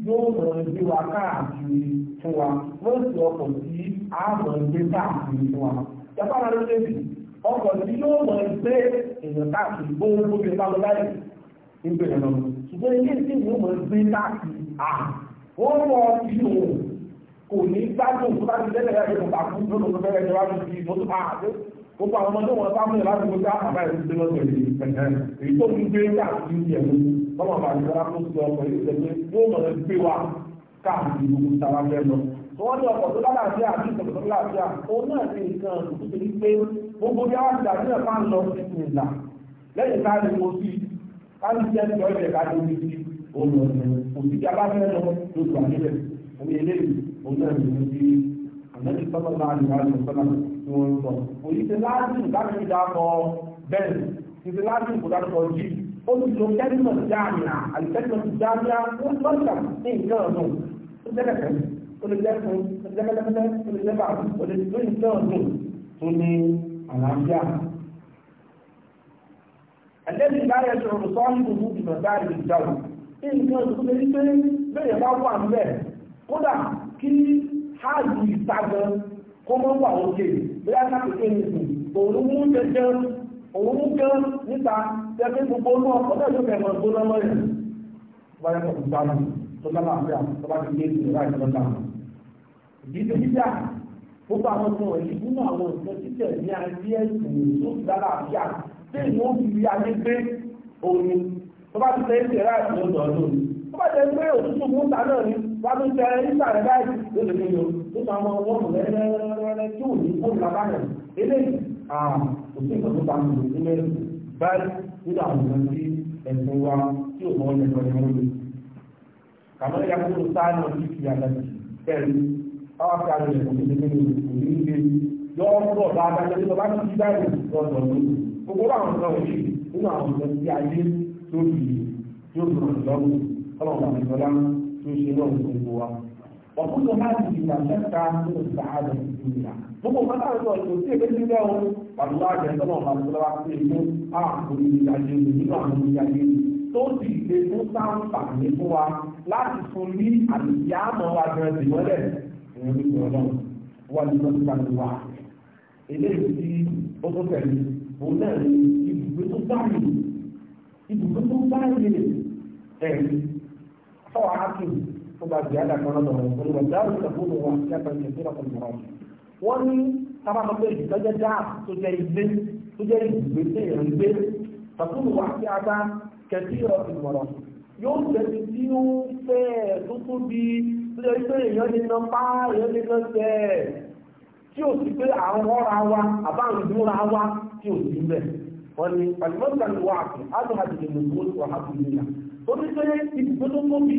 yóò mọ̀ ní wa káàkiri fún wa mọ́ọ̀sì ọkọ̀ tí a mọ̀ káàkiri fún wa ìjọba rẹ̀ lébi ọkọ̀ tí yóò mọ̀ gbé èèyàn káàkiri gbogbo bí ọba lọ́láyè ń gbé ẹ̀rọ ṣùgbọ́n ilé tí yóò mọ̀ gbé káàkiri à ó wọ ìlú kò ní gbádùn tó bá ti lẹ́lẹ̀ rẹ̀ kò bá fún lọ́dún tó fẹ́rẹ̀ jọ láti gbogbo àwọn ọmọdé wọn bá múlẹ̀ láti gbogbo àbá ìlú tó lọ́sẹ̀ yìí èyí tó ń gbé káàkiri yẹ̀wò ọmọ bàbá ìjọba tó ti ọkọ̀ yìí tẹ̀lé yóò mọ̀ gbé wa káàkiri gbogbo tàwa fẹ́ lọ. Wọ́n ní ọkọ̀ tó lálàáfíà àti ìtọ̀kọ̀ tó lálàáfíà, òun náà ní nǹkan tó ti rí pé gbogbo bí àwọn ìgbà náà máa ń lọ sí ìlà. Lẹ́yìn ká ní mo sí, ká ní jẹ́ ní ọ̀rẹ́ ká ní omi di òun ọ̀sẹ̀. Òbí ti abáfẹ́ lọ lójú àdébẹ̀. Omi eléyìí, òun náà ní mo sí ànájú sọ́kọ̀ náà ní wàá sọ́kọ̀ náà ní wọ́n sọ. Òyìn ti láàdùn láti fi dákọ̀ bẹ́ẹ̀ ó ti lo kẹ́límọ̀ dáàmìà àlùkẹ́límọ̀ dáàmìà ó lọ́ọ̀tà ní nǹkan ọ̀nà ó jẹ́ kẹ̀kẹ́ ó lè jẹ́ fún ó lè jẹ́ kẹ́kẹ́ ó lè jẹ́ bá ó lè lo nǹkan ọ̀nà tó ní àlàáfíà. Àlẹ́bí láyé ṣe ọ̀rọ̀ sọ́ọ́ ní gbogbo ìgbà dáàrí ìjáwó. Nǹkan ọ̀sùn lè ṣe bẹ́ẹ̀ bá wà ń bẹ̀. Kódà kí háàdù ìtagbọn kó mọ́ wà òkè bí a ká pèsè nìkú òun mú jẹjẹrẹ òun gán níta tẹ́lẹ̀ gbogbo náà ọ̀dọ́ ìlú kẹfà gbóná lọ́yẹ̀ bá yẹ kọ̀ọ̀tù dáná tó lábàá àfẹ́ àtọ́ bá ti gbé ìlú láì tó dáná. ìdílé jíjà gbogbo àwọn ọmọ ẹ̀yìn nínú àwọn ìṣẹ́ títẹ̀ ní ayé ẹ̀sìn tó dára àfíà tí ìwọ́n fi rí ayé gbé omi tó bá ti tẹ́lẹ̀ ìlú láì tó dọ̀ lónìí tó bá tẹ́lẹ̀ pé òtútù mú ta náà ni wá tó tẹ ìsàlẹ̀ báyìí lóṣèlú yìí ó sọ àwọn ọmọ ọmọ rẹ̀ rẹ̀ rẹ̀ tí ò ní kó kò sí ìtọ́jú ta ní ìlú mẹ́rin báyìí nígbà àwọn ìlú tí ẹ̀sìn wa tí ò mọ ẹ̀sìn ẹ̀sìn wọn lò. kàmọ́ ìyá kúrò sáà náà ti fi àgbàjì bẹ́ẹ̀ ni báwa fi àrùn ẹ̀sìn mi nínú òní ilé yọ̀ọ́ pọ̀ dáadáa jẹ́ nípa bá ti fi báyìí lọ́dọ̀ ní gbogbo àwọn ọ̀sán òní nínú àwọn ọ̀sán tí gbogbo nǹkan táwọn sọ ìlú èdè nílẹ̀ o pàdúrà àjẹ tó sì ṣe fún sáǹfà ní fún wa láti fún ní àlùyá àmọ́ wa gan ti wọlé ìyẹn ló sọ̀rọ̀ náà wà ní lọ́sí pàdé wa eléyìí tí ó tó tẹ̀lé òun náà ní ibùgbé tó báyìí ibùgbé tó báyìí ẹ̀rí fọwọ́ á tó bá jẹ́ àdàkọ́ lọ́dọ̀ rẹ̀ olùwàjà òun kàfó lọ́wọ́ àti àtàkùn ìṣẹ́fẹ́ wọ́n ní sábàbọ̀ pé ìtọ́jẹ́ dáàb tó jẹ́ ilé tó jẹ́ ìgbésẹ̀ ìrìngbé tàbí wà sí agbá kẹ̀sí ìmọ̀ràn yóò tẹ̀sí tí ó fẹ́ tó tóbi tó jẹ́ pé èèyàn lè nà pa èèyàn lè nà sẹ́ tí ò sí pé àwọn ọ̀rọ̀ wa àbáwọn ìdúnra wa tí ò sí bẹ́ẹ̀ wọ́n ní pàlùmọ́sàn wà á tó àti lè mú tó wà á tó nílà tó ní pé ibùdó tó tóbi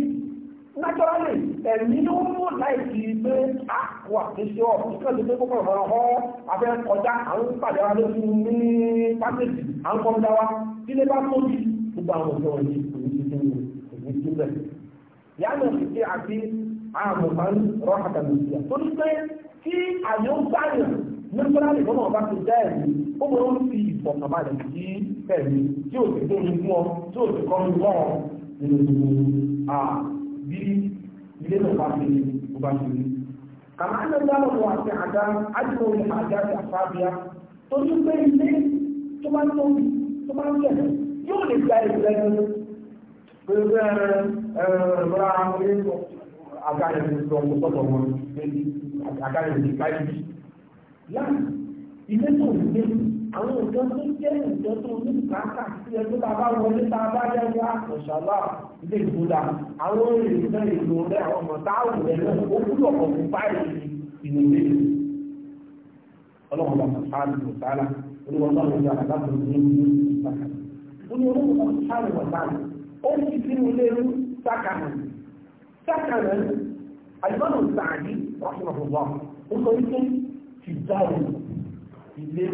naturally ẹ̀mí ló mú láìsí pé a wà ní ṣe ọ̀ ní kẹ́lẹ̀ pé kókò ọ̀rọ̀ ọ̀ abẹ́ kọjá àwọn pàdé wa lójú ní pàtẹ́sì à ń kọ́ ń dá wa kí lè bá tóbi gbogbo àwọn ọ̀dọ́ ní ìlú ìlú sílẹ̀. yálò sì ṣe àti àmùfàn rọ́hàtà nìyà torí pé kí àyè ń gbàyàn nítorálì lọ́nà ọba ti dá ẹ̀mí ó mọ̀ ń fi ìfọ̀kànbalẹ̀ sí ẹ̀mí tí ò sì tó ní fún ọ tí ò sì kọ́ ní wọ́n nínú bí ilé náà bá fi ní bó bá fi ní. kàmá ń lọ lọ́wọ́ àti àga àdìmọ̀ ní àga àti àfáàbíà tó ní pé ilé tó bá tó tó bá tẹ̀ yóò lè gba ìgbẹ́ ní pẹ̀lú ẹ̀rọ ẹ̀rọ àga ìlú ọmọ sọ́dọ̀ wọn àga ìlú ìgbà yìí. láti ilé tó ń àwọn nǹkan tó jẹ́ nǹkan tó ní bùkátà sí ẹgbẹ́ tá a bá wọlé tá a ọ̀ṣàlá ilé ìgbóda àwọn èèyàn èlò rẹ ọmọ tá a wù ní ti ilé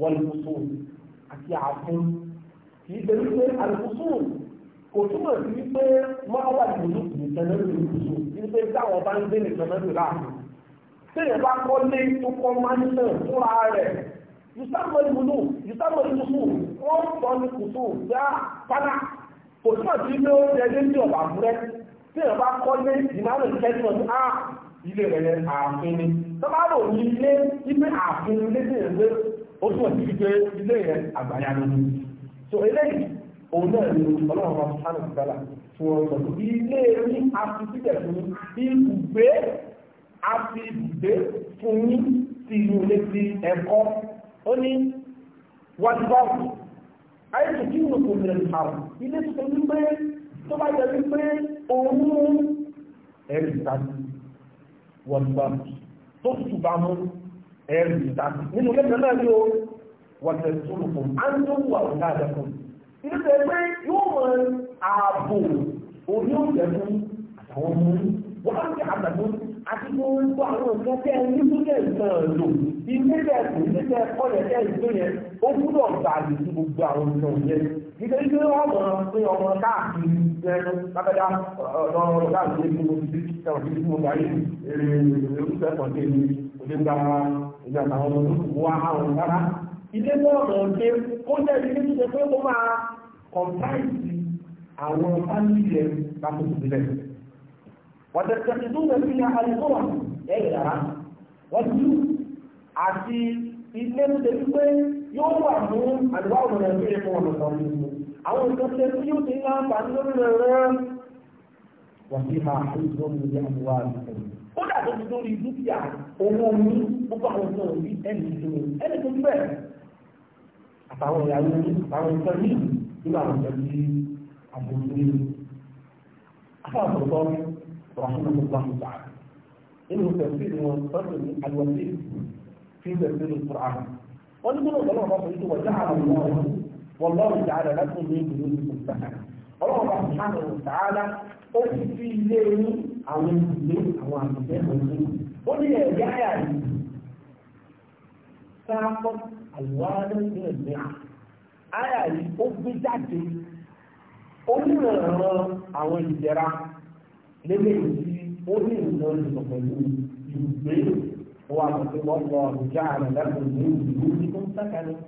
wọlùfùsùn àti àfún kì í ṣe wípé àlùfùsùn kò túmọ̀ sí wípé máa wà lùlù nìkan náà lùlù fùsùn wípé táwọn bá ń gbé nìkan náà lùlù àfún téèyàn bá kọ́ lé tó kọ́ máa ń sàn fúnra rẹ̀ yusamọ̀ lùlù yusamọ̀ lùlù wọ́n sọ ní kùsùn gbá pátá kò túmọ̀ sí wípé ó jẹ́ lé ọ̀bà fúrẹ́ téèyàn bá kọ́ lé ìmáàmù kẹ́tùmọ̀ ní ilé rẹ̀ ààfin ni tọ́ba rò ní ilé ibi ààfin ilé téèyàn gbé ó tún ọ̀sí wípé ilé yẹn àgbáyá ló ní so eléyìí òun náà ni ọlọ́run bá sánà síbálà fún ọ sọ ilé ní afisílẹ̀ fún ibùgbé afibùgbé fún yín ti inú ilé sí ẹ̀kọ́ ó ní wàtúbọ̀ọ̀kù àìsàn kí wọn kò lè parọ́ ilé tuntun wípé tó bá yẹ wípé òun ẹ̀rí ìtajú wàtúbọ̀ọ̀kù tó tutù bá mú ẹ̀rù nínú kẹta náà ni ó wà tẹ̀ sólùkùn á ń tó wà tẹ̀ pé yóò mọ ààbò òní òjẹ̀ ọmọ wọn á àgbàdo àti gbogbo àwọn nǹkan tẹ nípínlẹ̀ náà lò ìpínlẹ̀ ìpínlẹ̀ ọ̀yẹ̀kẹ́ ìpínlẹ̀ ó gbúdọ̀ gbà lè fi gbogbo òde gba ìgbà àwọn olùkú wa àwọn rárá ilé náà mọ̀ pé ó jẹ́ ilé tó ṣe pé ó máa kọ̀ǹtáìsì àwọn fámìlì rẹ̀ láti òṣèlú rẹ̀ wọ́n ti tẹ̀sí tó lè fi àlùkò wà ẹ̀yìn rárá wọ́n ti àti ilé tó ṣe pé yóò wà fún àdúrà òmìnira tó yẹ ọ̀nà kan nínú àwọn nǹkan tẹ tí yóò ti ń láǹfààní lórí rẹ̀ rẹ̀ wọ́n ti máa ń ní àdúrà àdúrà kódà tó ti lórí dúkìá owó ní gbogbo àwọn ọmọ òbí ẹnì ìṣòro ẹnì tó bẹ́ẹ̀ àtàwọn ìyàwó ní àtàwọn ìṣòro ní nínú àwọn ìṣòro ní àbòrò gbà nínú ní fi ní wọ́n ní jáà àwọn ìdílé àwọn àtúnṣe ọ̀hún. ó ní ẹ̀yà àyà yìí sáàpọ̀ àlùwárẹ́ ní ẹ̀mí à. àyà yìí ó gbé jáde ó ní ìrànràn àwọn ìjẹra lélẹ́yìn tí ó ní ìrànràn ìsọ̀ pẹ̀lú ìgbé wa àti wọ́n lọ àbújá àrẹ̀lẹ́kùn ní ìlú ní tó ń sẹ́kẹ̀rẹ̀.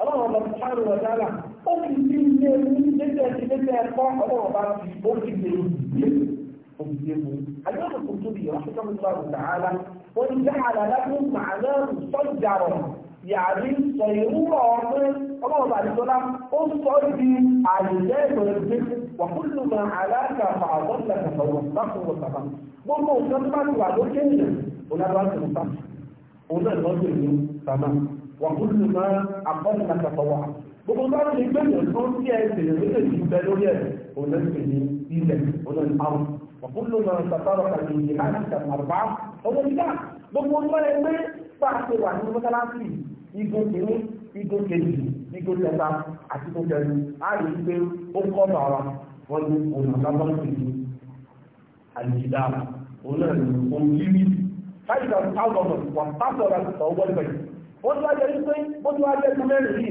ọlọ́run ọba sáré ọjà là ó fi sí ilé ní dédé ẹ̀sìn ẹ̀kọ́ ọlọ́run ọba ti ó ti gbèrú ìgbé. أيام القرطبي رحمه الله تعالى وإن جعل لكم معناه صجرا يعني صيرورا الله تعالى السلام اصطدي على ذلك وكل ما علاك فعظم لك فوصفه وتقن وما وصفك بعد الجنة هنا الوقت مصطف هنا الوقت اليوم تمام وكل ما أقل لك فوصفه وقلت لك من الصوت يأتي لك من الصوت يأتي لك من الصوت يأتي لك من الصوت ọ̀pọ̀lọpọ̀ máa ń sọ̀tọ̀rọ̀ pẹ̀lú ìdílé láti ṣe àrùbá owó nígbà gbogbo ọgbọ́n ẹgbẹ́ pàṣẹ wà ní mọ́tálásì igun kìíní igun kejì igun kẹta àti igun kẹrin á rí i pé ó kọ́ bàrà wọ́n ní olùkọ́ àlùjìdá òun náà ní ohun lílí five thousand out of one thousand and four one twenty. ó tún wá jẹ́ pé ó tún wá jẹ́ pé mẹ́rin yìí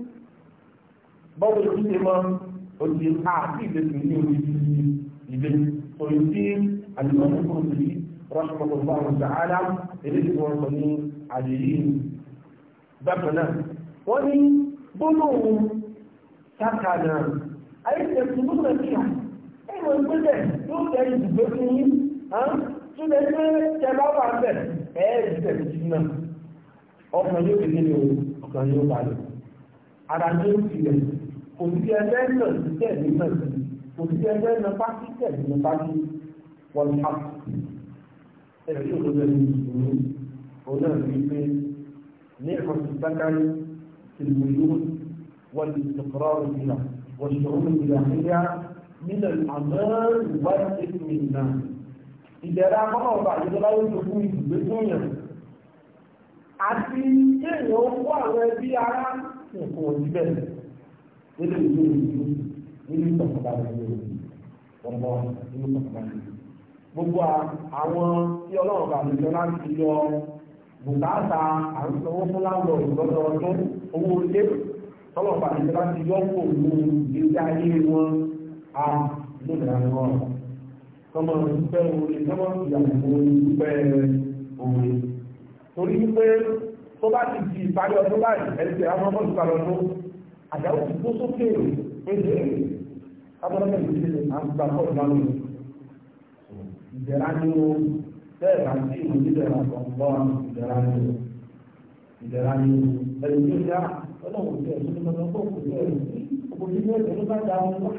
bọ́wọ́ ìdílé mọ́ òdì àti ìdèkù ní orí ìdè òyì tí àlùmọ́nì kúrò sí rọ́ṣọ̀kọ̀ bá wọn sàárà eléyìí tí wọ́n sọ ní àyèyí bákan náà wọ́n ní gbólóhùn sákàdà àyẹ̀kẹ̀ tó gbọ́dọ̀ kí à ẹ̀wọ̀n gbẹ́dẹ̀ yóò tẹ̀ ìdìbò fún yín tún yóò fi nílò ọkàn yóò balẹ̀ ara yóò kò sí ẹgbẹ́ náà sí tẹ̀lé náà kò sí ẹgbẹ́ náà pátí tẹ̀lé náà pátí wọ́n ní àpò ẹ̀rí òdodo ní ìṣòro òun náà ní ẹ̀kọ́ sí sákárì tìlùmùlù wọ́n ti sọ̀kọ́rọ́ ìlà wọ́n ṣòro ìlà ìyá nílẹ̀ àmọ́ ìwádìí ìmìnira ìdẹ̀ra kọ́nà ọba àjọba yóò tó fún ìdùgbé fún yàn àti kéèyàn ó kó àwọn ẹbí ara nǹkan òjì nínú ìlú ìlú nínú ìtọ̀kọ̀balẹ̀ ìlú ọ̀pọ̀ nínú ìtọ̀kọ̀balẹ̀ ìlú. gbogbo àwọn tí ọlọ́run bá mi jọlá ti yọ bùkátà àrùsọwọ́ fún láwùjọ lọ́dọọdún owó ilé tọ́lọ́run bá mi jọlá ti yọ kó lu ìgbésí ayé wọn a lónìí àwọn ọ̀rọ̀. tọmọ ìdúpẹ́ orí tọmọ ìyàwó ìdúpẹ́ orí torí pé tó bá ti di ìparí ọdún báyìí ẹni tí àwọn ọmọ ìgbàlódún àdáwò ti gbó sókè èdè abọ́lọ́mọ ìdílé lè máa ń gba bọ́ọ̀lù náà lò ìdẹ̀ra ni o bẹ́ẹ̀ bá ti ìlú ìdẹ̀ra ọ̀gbọ́n ìdẹ̀ra ni o ìdẹ̀ra ni o ẹ̀yìn tó dá ọlọ́run tẹ̀ ẹ̀sùn ní ọjọ́ tó kù ní ẹ̀yìn òkú ní ẹ̀jẹ̀ ló bá da wọn wá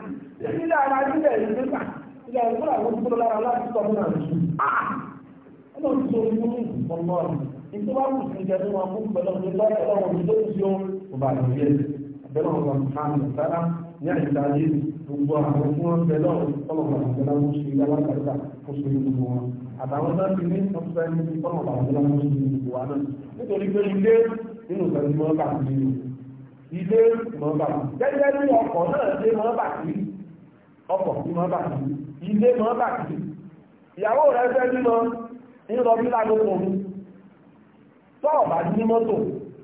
nílẹ̀ ara nílẹ̀ ẹ̀yìn nígbà ilẹ̀ ẹ̀kọ́ làwọn tó lára láti sọ fún àwọn ìṣù ọlọ́run tó ń mú ọmọ rẹ̀ nítorí wọn kù sí ìjẹ́ bẹ́ẹ̀ náà wà hàn sára ní àyíká ayé gbogbo àwọn tí wọ́n bẹ lọ́wọ́ ọlọ́wọ́ àgbẹ̀lá ń ṣe alágbàdúrà fún ṣe gbogbo wọn àtàwọn náà ti ní ọ̀sẹ̀ ní ọlọ́wọ́ àgbẹ̀lá ń ṣe gbogbo wa náà nítorí pé ilé nínú ìgbà tí wọ́n bà sí ilé mọ́ bà sí gẹ́gẹ́ bí ọkọ̀ náà ṣe mọ́ bà sí ọkọ̀ sí mọ́ bà sí ilé mọ́ bà sí ìyàwó rẹ̀ fẹ́ bímọ ńlọ bí lágbókun tọ́ọ̀ bá ní mọ́tò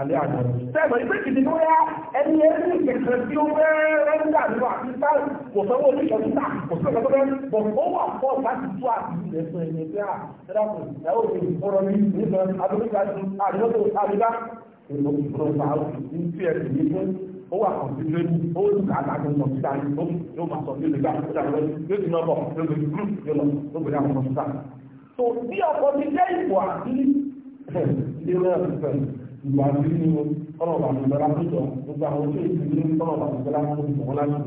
alẹ́ àná. Sẹ́ẹ̀mọ̀ ìpè kìdí ló yá ẹni ẹni ìgbẹ̀kẹ̀ tí ó fẹ́ rẹ́ńdà nínú àti sáà kò sọ́wọ́ oníṣẹ́ títà kò sọ́wọ́ tó fẹ́ bọ̀ ó wà pọ̀ láti tú àti ilẹ̀ fún ẹni ẹgbẹ́ à ah, ẹ̀dàkùn ẹ̀ ó fi ọ̀rọ̀ mi nígbà abẹ́lẹ́gbà ju àdìlọ́tò àdìlá èlò ìfọ̀rọ̀fà ní tí ẹ sì ní fún ó wà kàn sílé ó ń kà láti sọ síta ní ó yóò máa sọ sí ilé gbàgbọ́ ìdàgbọ́ yóò ti náà bọ̀ lórí yóò lọ ó gbé àwọn ọmọ síta. tò bí ọkọ̀ ti jẹ́ ìpò àti ìrẹ́ ìfẹ́ ìlú àti nínú ọlọ́ọ̀bà àgbẹ̀dọ́lá tó jọ gbogbo àwọn tó ìlú nínú ọlọ́ọ̀bà àgbẹ̀dọ́lá tó jọ wọn láti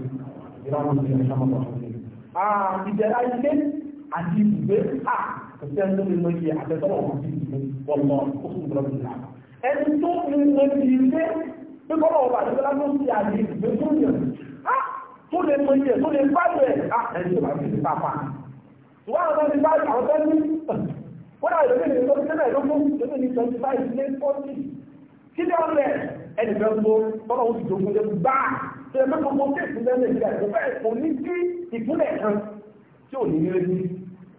ìlànà ìlú ìṣàmọ̀tò ìjẹ́ra ilé àti ìgbé à kò sí ẹni tó lè lọ yẹ àgbẹ̀dọ́lá wọn ti ìgbé pọ̀lọ́ ó sì gbọ́dọ̀ bí nà. ẹni tó ń lọ sí ilé pé ọlọ́ọ̀bà àgbẹ̀dọ́lá tó ti àyè ìgbé tó yẹ tó lè lọ yẹ tó lè bá yẹ à ẹni tó bá ti ti pàpà. wọ́n àwọn ti bá àwọn tẹ́lẹ̀ wọ́n àwọn ìlú kílẹ̀ ọ̀rẹ́ ẹni fẹ́ gbó tọ́lọ̀ oṣù tó gbó lẹ́nu gbá tó yẹ mẹ́kọ̀ọ́ mọ́ kéèkì lẹ́nu ìgbà tó fẹ́ kò ní sí ìpínlẹ̀ kan tí ò ní ní lé ní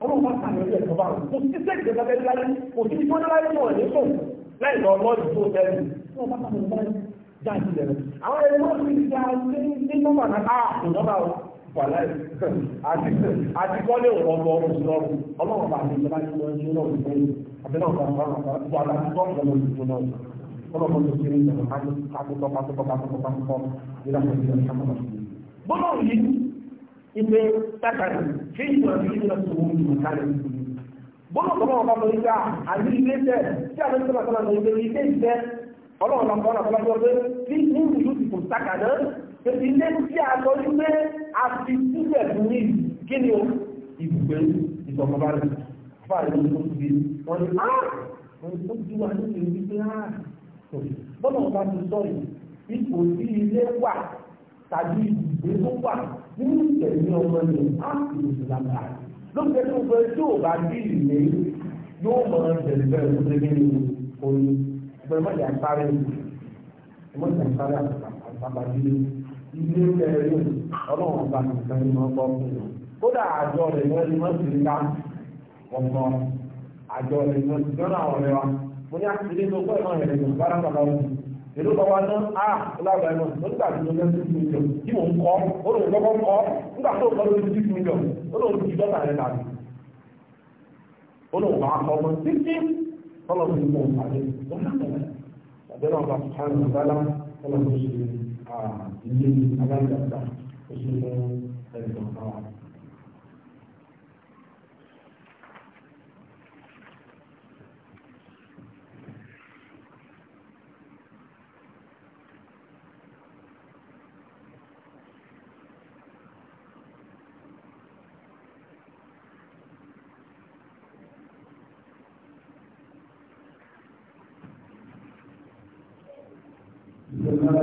ọlọ́run bá sàmì ọdún ẹ̀kọ́ bá rẹ̀ kò sí sẹ́ẹ̀kì tó fẹ́ láyé kò sí ìfọ́n láyé tó rẹ̀ nípò láì lọ lọ́ọ̀dù tó tẹ́lẹ̀ àwọn ẹni wọ́n fi ṣe àṣẹ ní nọ́mbà náà kò nọ́mbà wàlẹ́ àti kọ́lé ọ̀rọ̀ ọ̀rọ̀ ọlọ́run bá mi ìjọba ìjọba ìjọba ìjọba ìjọba ìjọba ìjọba ìjọba ìjọba ọlọ́mọ tó orang ìjọba kájúkọ pátókọ pátókọ pátókọ ìlànà ìlú ọ̀sán mọ́. gbọ́dọ̀ yìí ipe orang fi ìwà ní ìlú ọ̀sán òun ìlú kálẹ̀ gbọ́dọ̀ tọ́lọ́ ọ̀pá lórí ká àní orang tẹ̀ tí àwọn ìṣẹ́lẹ̀ tọ́lá lórí pé ilé ìṣẹ́ ọlọ́run náà kọ́ orang orang pé kí ní ìlú ti kò tákàrí pé ilé tí a lọ sí pé a fi sílẹ̀ fún ní kí ni ibùgbé ìtọ̀kọ̀bá rẹ̀ fún àìsàn tó ti wọ́n ní bọ́lá ọ̀gá ti sọ yìí ipò tí ilé wà tàbí ibùgbé tó wà nínú ìtẹ̀lé ọmọ yẹn á sì lè lágbára lókè tó fẹ́ tí ò bá bí ìlé yóò mọ ẹ̀jẹ̀ bẹ́ẹ̀ tó lé ní oyin ìgbẹ́ mọ́jà sáré mọ́jà sáré àtàbàdìlé ilé ẹ̀rí ọlọ́run ọba nìkan ni wọ́n bọ́ fún un kódà àjọ rẹ̀ wọ́n ni wọ́n ti ká ọmọ àjọ rẹ̀ wọ́n ti dọ́nà ọ̀rẹ́ wa mo ní àtìlẹ́ tó kọ́ ìmọ̀ ẹ̀rẹ̀ yóò bára bàbá wọn èló bàbá náà á ah, lára ẹ̀mọ̀ nígbà tí mo lẹ́sí mi jọ tí mò ń kọ́ ó lòun kọ́kọ́ kọ́ nígbà tó kọ́ lórí sí mi ó lòun ti dọ́tà rẹ̀ tàbí ó lòun wà kọ́ mọ́ títí tọ́lọ̀ fi mọ̀ àdé ó ń bẹ̀rẹ̀ àdé náà bá sùkánù àbálá tọ́lọ̀ fi ah, ilé alágbàdà ó ṣe fún ẹ̀rọ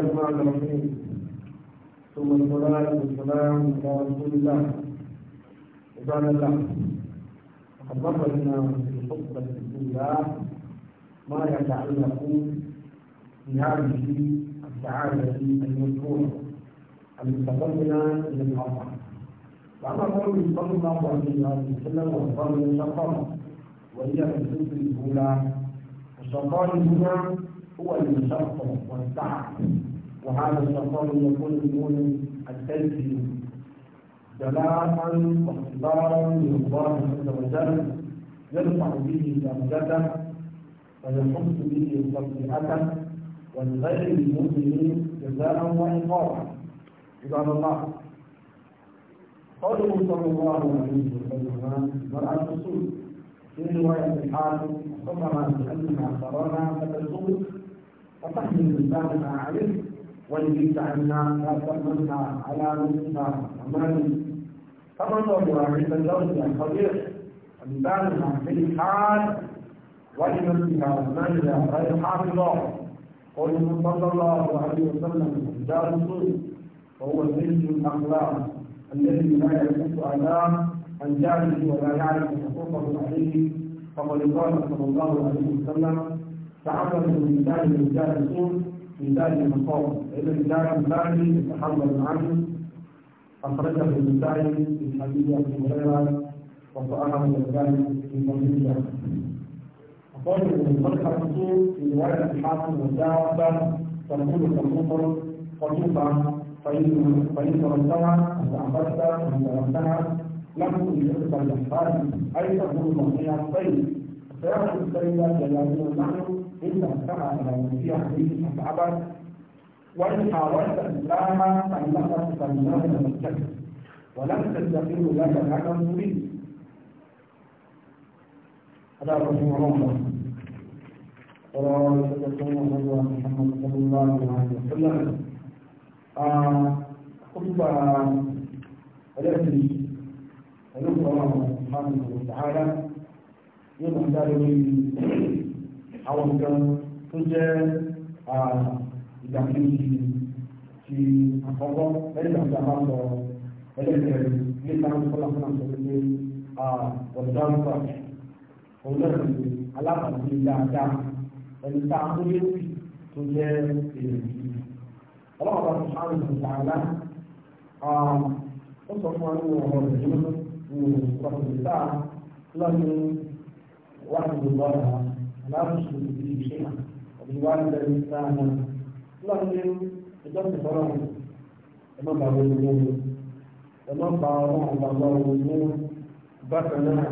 الرحمن الرحيم ثم الصلاة والسلام على رسول الله عباد الله وقد ذكرنا في الخطبة الأولى ما يتعلق بهذه السعادة المذكورة المتضمنة للمرأة وأما قوله صلى الله عليه وسلم وأخبار الشقاء وهي في الجزء الأولى الشقاء هنا هو المشقة والتعب وهذا التصور يكون بدون التلفي دلاله واختبارا من الله عز وجل يرفع به درجته ويحس به صفيحته ولغير المؤمنين جزاء وعقابا عباد الله قوله صلى الله عليه وسلم مرعى الرسول في رواية الحاكم حكم بأنها قرانا فتزول الباب مع عليه ولبئس عنا لا تأمنها على نفسها أمان تمنوا عند الزوجة الخبير أنبانها في الحال ولنفسها المنزل غير حافظة قوله صلى الله عليه وسلم دار الصوت وهو سجن الأخلاق الذي لا يحس آدام عن ولا يعرف حقوقه عليه فقد قال صلى الله عليه وسلم تعلموا من دار الجاهل الصوت في ذلك المقام الذي لا ينبغي التحرر عنه أخرجه النسائي في حديث أبي هريرة وصححه الألباني في مسلم وقال ابن مكة الرسول في رواية الحاكم والدابة تقول تقول خطيبة فإن فإن ردها أن وأنتهبتها لم تكن الأحفاد أي تقول مصنع طيب فيأخذ السيدة جلالين معلوم إلا سعنا في أهله أبعد وإن حاولت الإسلام فإنك تسلمه نفسك ولم تستقيم لك هذا المريد هذا رسول الله قال سيدنا محمد صلى الله عليه وسلم خطبة التي يذكر الله سبحانه وتعالى يظهر ذلك àwọn nǹkan tó jẹ́ ìdàkejì ti àkọ́kọ́ lẹ́yìn ìgbà ẹlẹ́gbẹ̀rẹ̀ ní ìlànà fún àwọn ọmọdé ọ̀dọ́dọ́gba alábàáṣe dáadáa ẹni tá a múlé sí tó jẹ́ èèyàn yìí. ọlọ́run sáré ní ìtàlá ó sọ fún wa ní rẹ̀ nínú ìwòsàn ìta lọ́nà wàhálà lọ́wọ́ ولا تشركوا به شيئا وبالوالدين إحسانا الله يقول ìjọba ìfọ́nà ẹ má bàa wọlé lóru ẹ má bàa ọmọ àgbà lọ́wọ́ lóru bákan náà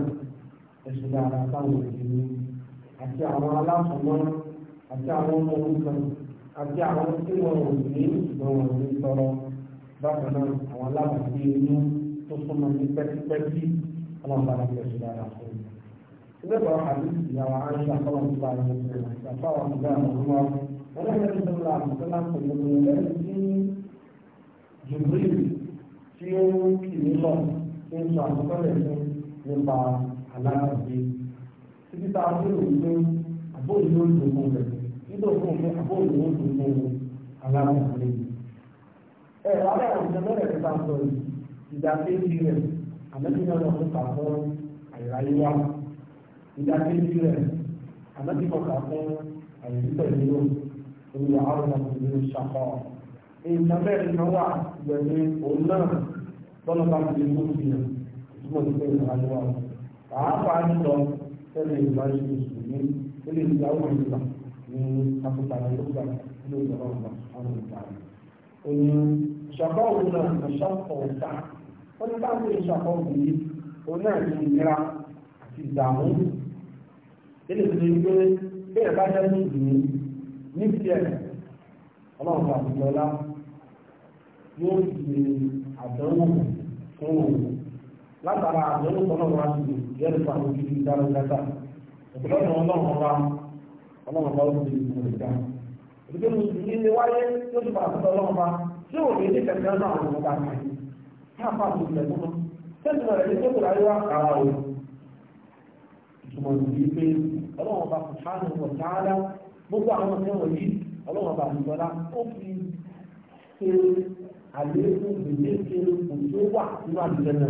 ẹ̀sùn dára táwọn ìlú àti àwọn aláṣọmọ àti àwọn ọmọ nǹkan àti àwọn tí wọn ò ní ìgbọ̀n wọn ní tọrọ bákan àwọn alábàágbé inú tó súnmọ́ ní pẹ́kípẹ́kí ọlọ́mọba náà ẹ̀sùn لما حديث يا عائشة رضي الله عنها فقال الله الله ولم يكن صلى الله عليه وسلم في المدينة جبريل في يوم كبيرة إن شاء الله nípa aláàbí títí tá a lérò pé àbóyè ló ń dòkó rẹ̀ nígbà tó ń àbóyè ló ń dòkó aláàbí. ẹ aláàbí ṣe mẹ́rẹ̀ ti ta sọ ìdákejì rẹ̀ àdájúkọ̀kà fún àyẹ̀dúpẹ̀lú olùwà àwọn ọmọdé ṣàkọ́. èèyàn bẹ́ẹ̀ ni wọ́n wà pẹ̀lú òun náà lọ́nà bá ti lè fún ìyàn ìtumọ̀ ní pé ìlànà àjọ wa. pàápàá jùlọ tẹ́lẹ̀ ìbáṣe mùsùlùmí tẹ́lẹ̀ ìyàwó ìgbà ní àkókò àyẹ̀dúgbà nínú ìjọba ọ̀gbà àwọn ìgbà rẹ̀. òyìn òun náà kò ṣàkọ́ ọ̀tá wọ́n ti bá ń pè ṣàkọ́ òun yìí òun náà ti ìnira àti ìdààmú ilé ìdílé pé bí ẹ̀ bá jẹ́ ní ìdílé ní tiẹ̀ ọlọ́run àtijọ́lá yóò ṣe àdánwò fún òun látara àdánwò ọlọ́run á ṣe yẹ́rù fún àwọn òkìkí dára dáta ìpínlẹ̀ ọlọ́run ọba ọlọ́run ọba ó ṣe ìdílé ìdá ìdílé ìdílé wáyé tó ti bàtà ọlọ́run ọba tí ò ní ní kẹ̀kẹ́ náà àwọn ọba kan náà fà tó tilẹ̀ fún un tẹ́sí rẹ̀ ní tó kù láyé wá kàrà òun ìtumọ̀ ìdílé pé ọlọ́run ọba sùhánù wọ̀ sáádá gbogbo àwọn ọmọ ẹ̀wọ̀n yìí ọlọ́run ọba àdìgbọ́lá ó fi ṣe àlékún gbèdéke òjò wà nínú àdìgbẹ́ náà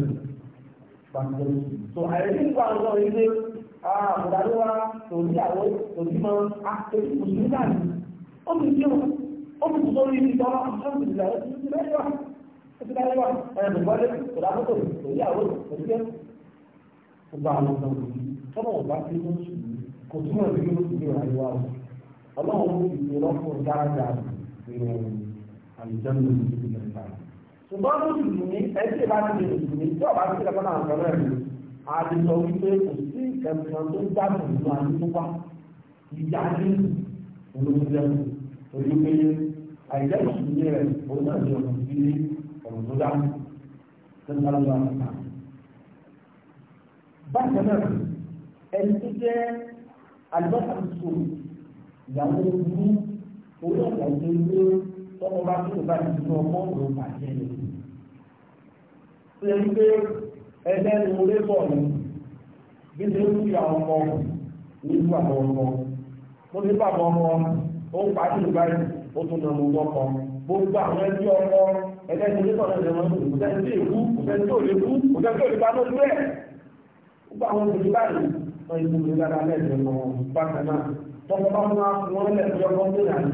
gbàgbọ́ tó àyẹ̀lẹ́ ìgbà ọ̀rọ̀ ilé àbùdàdúrà tòní àwọn tòní mọ́ àtẹ̀lẹ́ mùsùlùmí náà ni ó ti dé wọn ó ti sọ orí ìgbà ọ̀rọ̀ àbùdàdúrà ó ti lẹ́yìn wá ó ti lẹ́yìn wá ẹ̀rọ ìgbọ́lé tòdákótó tòní àwọn tòní gbogbo àwọn ọ̀rọ̀ yìí tọ́lọ̀ ọ̀bá ti mú sùn kò túmọ̀ sí ló ti di àríwá o ọlọ́run ló ti di lọ́pọ̀ dáadáa nínú àlùjọ́nù ní ìlú nàìjíríà ṣùgbọ́n ló ti dùn ní ẹtí ìbá ti di dùn ní tí ọba ti rẹ̀ fọ́nà àǹkan rẹ̀ rí àdìsọ wípé kò sí ẹ̀sán tó dábùn nínú àdìsọ́pá ìyá ní olóṣèlú torí àìjẹ́ ìṣúnjẹ rẹ̀ òun náà ní ọ̀nà ìdílé ọ̀nà tó dábùn ẹni tó jẹ́ àlùbọ́sà ń so ìyàwó ní orí ọ̀gá ìgbé ilé tọ́kọ bá tó bá ti sọ ọmọ òun bàjẹ́ lọ. Ṣé ń gbé ẹgbẹ́ ní orí bọ̀ ni bí ṣe ń fi àwọn ọmọ nínú àwọn ọmọ mo ní bàbá ọmọ ó ń pàdé ìbáyìí ó tún lọ lọ ọkọ gbogbo àwọn ẹbí ọmọ ẹgbẹ́ ní orí bọ̀ náà lẹ́wọ̀n kò sẹ́ni tó lè kú kò sẹ́ni tó lè bá lọ́dún ẹ̀ gbogbo àwọn òbí wọ́n yí kúrò dára lẹ́ẹ̀dẹ̀ mọ́ bákan náà tọ́kọ bá fún wa fún wọn lẹ́ẹ̀dẹ̀ ọkọ tó yà ní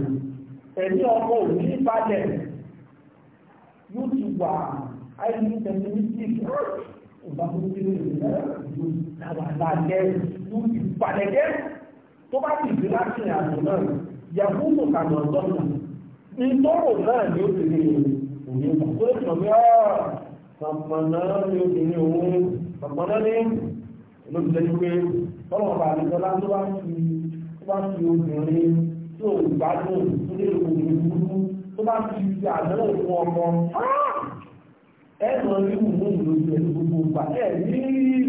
ẹ̀mí ọkọ ò ní balẹ̀ yóò ti wà àìní pessimistic ìbáfúnfúnfún ìlú àbàlá jẹ́ tó bá ti di láti àjò náà yàgò tó ọ̀dọ́ lóbi lẹ́yìn pé tọ́lọ̀ bá mi tọ́lá gbogbo gbà ẹ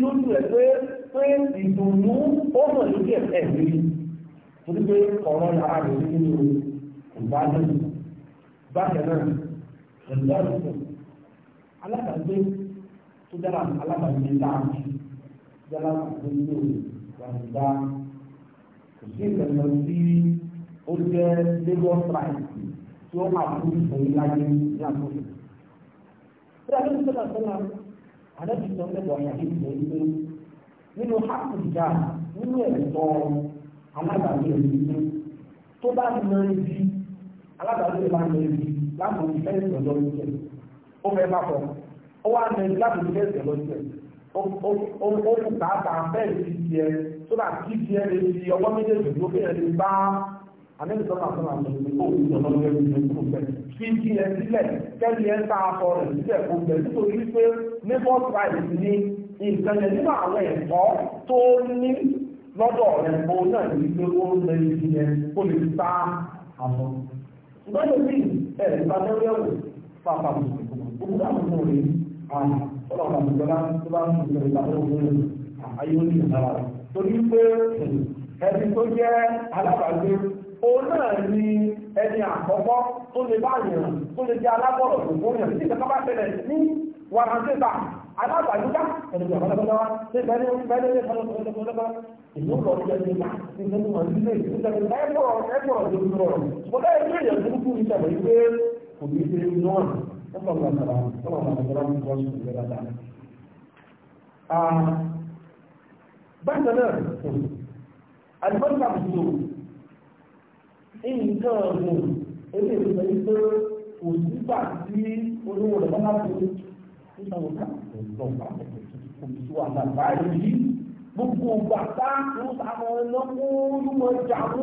lójú ẹ pé pé ìdùnnú ó mọ̀ lójú ẹ ẹ rí torí pé ọ̀rọ̀ yàrá rẹ̀ nínú ìbádùn bákan náà ẹ̀dá ìfọ̀ yálà gbogbo gbàgbà kò sí ìgbàgbọ́ sí ó jẹ́ labour strike tí ó máa fún ìfẹ̀yìn láyé ní àkókò. Bí alẹ́ ìṣẹ́ náà sọ́nà, alẹ́ ti sọ mẹ́wàá ní àyè ìṣẹ́ ìṣẹ́ nínú àkùnjà nínú ẹ̀tọ́ alábàáwí ẹ̀ṣẹ́ tó bá ti mọ ibi alábàáwí ẹ̀ máa mọ ibi láti ìfẹ́ ìṣẹ́ lọ́jọ́ ó fẹ́ bá fọ ó wá mọ ibi láti ìfẹ́ ìṣẹ́ lọ́jọ́ ó kù káàkà bẹ́ẹ̀ ti di ẹ tó dà kí di ẹ lè fi ọwọ́ méjèèjì tó fi ẹ lè bá anẹ́bí sọ́nà sọ́nà lọ sí kó òun lọ́nà lọ́wọ́ ẹni tó kù bẹ́ẹ̀ fi di ẹ sílẹ̀ kẹ́lí ẹ ń ta aṣọ rẹ̀ sílẹ̀ kó bẹ́ẹ̀ nítorí pé neighbor tribe ní nǹkan yẹn nínú àwọn ẹ̀kọ́ tó ní lọ́dọ̀ rẹ̀ mo náà ní pé ó ń lè fi ẹ kó lè ta àwọn. ṣùgbọ́n èmi ẹ̀ ìbádọ́rẹ́wò pàpàpọ̀ òkúta àwọn ọmọ rẹ̀ àná ọlọ́run àti ìjọba tó bá ń sọ ìgbàgbọ́ òun ayé ó ní ìsára rẹ̀ torí pé ẹni tó jẹ́ alábàágbé òun náà ni ẹni àkọ́kọ́ tó lè bá yẹn tó lè jẹ́ alábọ̀rọ̀ tó fún yẹn tí ìjọba tẹ̀lẹ̀ ní wàhánsẹ́ta alábàájúká ẹni tó àbálẹ́ bọ́lá ṣe bẹ́ẹ̀ ní bẹ́ẹ̀ ní ìfọ̀nà tó lọ́dọ̀ lọ́dọ̀ ìlú lọ sí ẹni náà ní ìlú wọn ní ilé ìlú tẹ̀lé ẹ̀kọ́ ẹ̀kọ́ ọ̀dọ́ ìlú rọrùn ṣùgbọ́n nípa ọgbà sọ̀rọ̀ tọ́wọ́ ọgbà sọ̀rọ̀ ní bọ́ọ̀sì tó lé dáadáa. bákan náà àdìbọ́sà kùtù nǹkan ọ̀gbìn ebi ìgbà yìí pé kò sígbà tí olówó rẹ̀ bá tó nígbà wọn kà kò lọ bá kò tó tó wà náà báyìí gbogbo gbàgbá ló sàmọ́ ẹ̀ lọ́kùn ló mọ̀ jà mú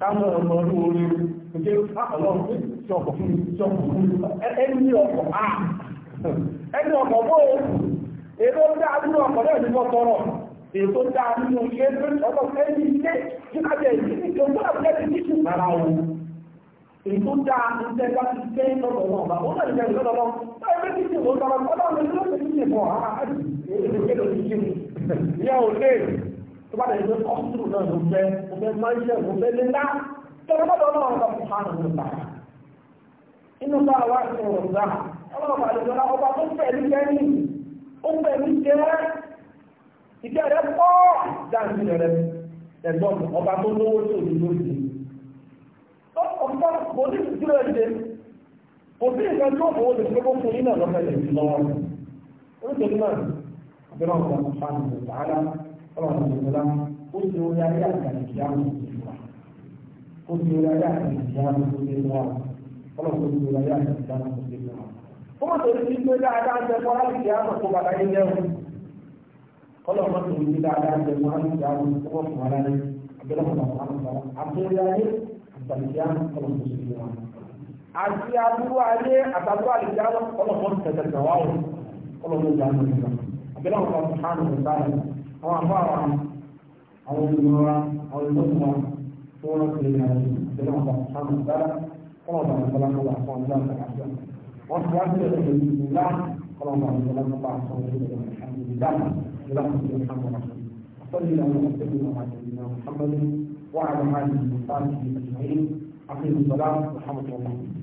káwọn ọmọ orí orí ojú ọlọ́run tí ọkọ̀ fún tí fún ah! ẹni ọkọ̀ á ẹni ọkọ̀ bó èrò dá nínú ọkọ̀ náà ní mọ́tọ́rọ̀ èso dá nínú ilé ọkọ̀ ẹni ilé jíkájẹ ìdílé tó gbọ́dọ̀ fẹ́ ti ní ṣùgbọ́n ara o èso dá iṣẹ́ bá ti gbé lọ́dọ̀ wọn bá ó náà ní ẹ̀rọ lọ́dọ̀ báyìí bẹ́ẹ̀ tó bá lè gbé kọ́ńtù náà ló fẹ́ mo fẹ́ máyẹ̀ mo fẹ́ lélá tọ́lọ́ bọ́dọ̀ náà wọ́n kọ́ fún àwọn ọ̀gá inú bá wa ṣe ọ̀gá ọlọ́run bá lè gbé ọba tó fẹ́ ní lẹ́yìn ó fẹ́ ní jẹ́ ìjẹ́ rẹ̀ pọ̀ dáńtì rẹ̀ ẹ̀gbọ́n ọba tó lówó tó ní lóṣù ọ̀pọ̀ kò ní ọlọ́run ìṣẹ̀lá ọlọ́run ó ti orí ayé àgbàdìkì àwọn àbá wa àwọn olùmọ̀ wa àwọn olùmọ̀ wa tí wọ́n ti rìn àjò ìjọba àgbà sáàmù dára kọ́nà ọ̀bà ìjọba àgbà fún ọjọ́ àgbà àjọ wọ́n ti wá sí ẹ̀rọ ìlú ìlú kọ́nà ọ̀bà ìjọba àgbà fún ọjọ́ àgbà àjọ ìlú ìlú àkùnrin àgbà صلي على سيدنا سيدنا محمد وعلى اله وصحبه اجمعين اقيموا الصلاه ورحمه الله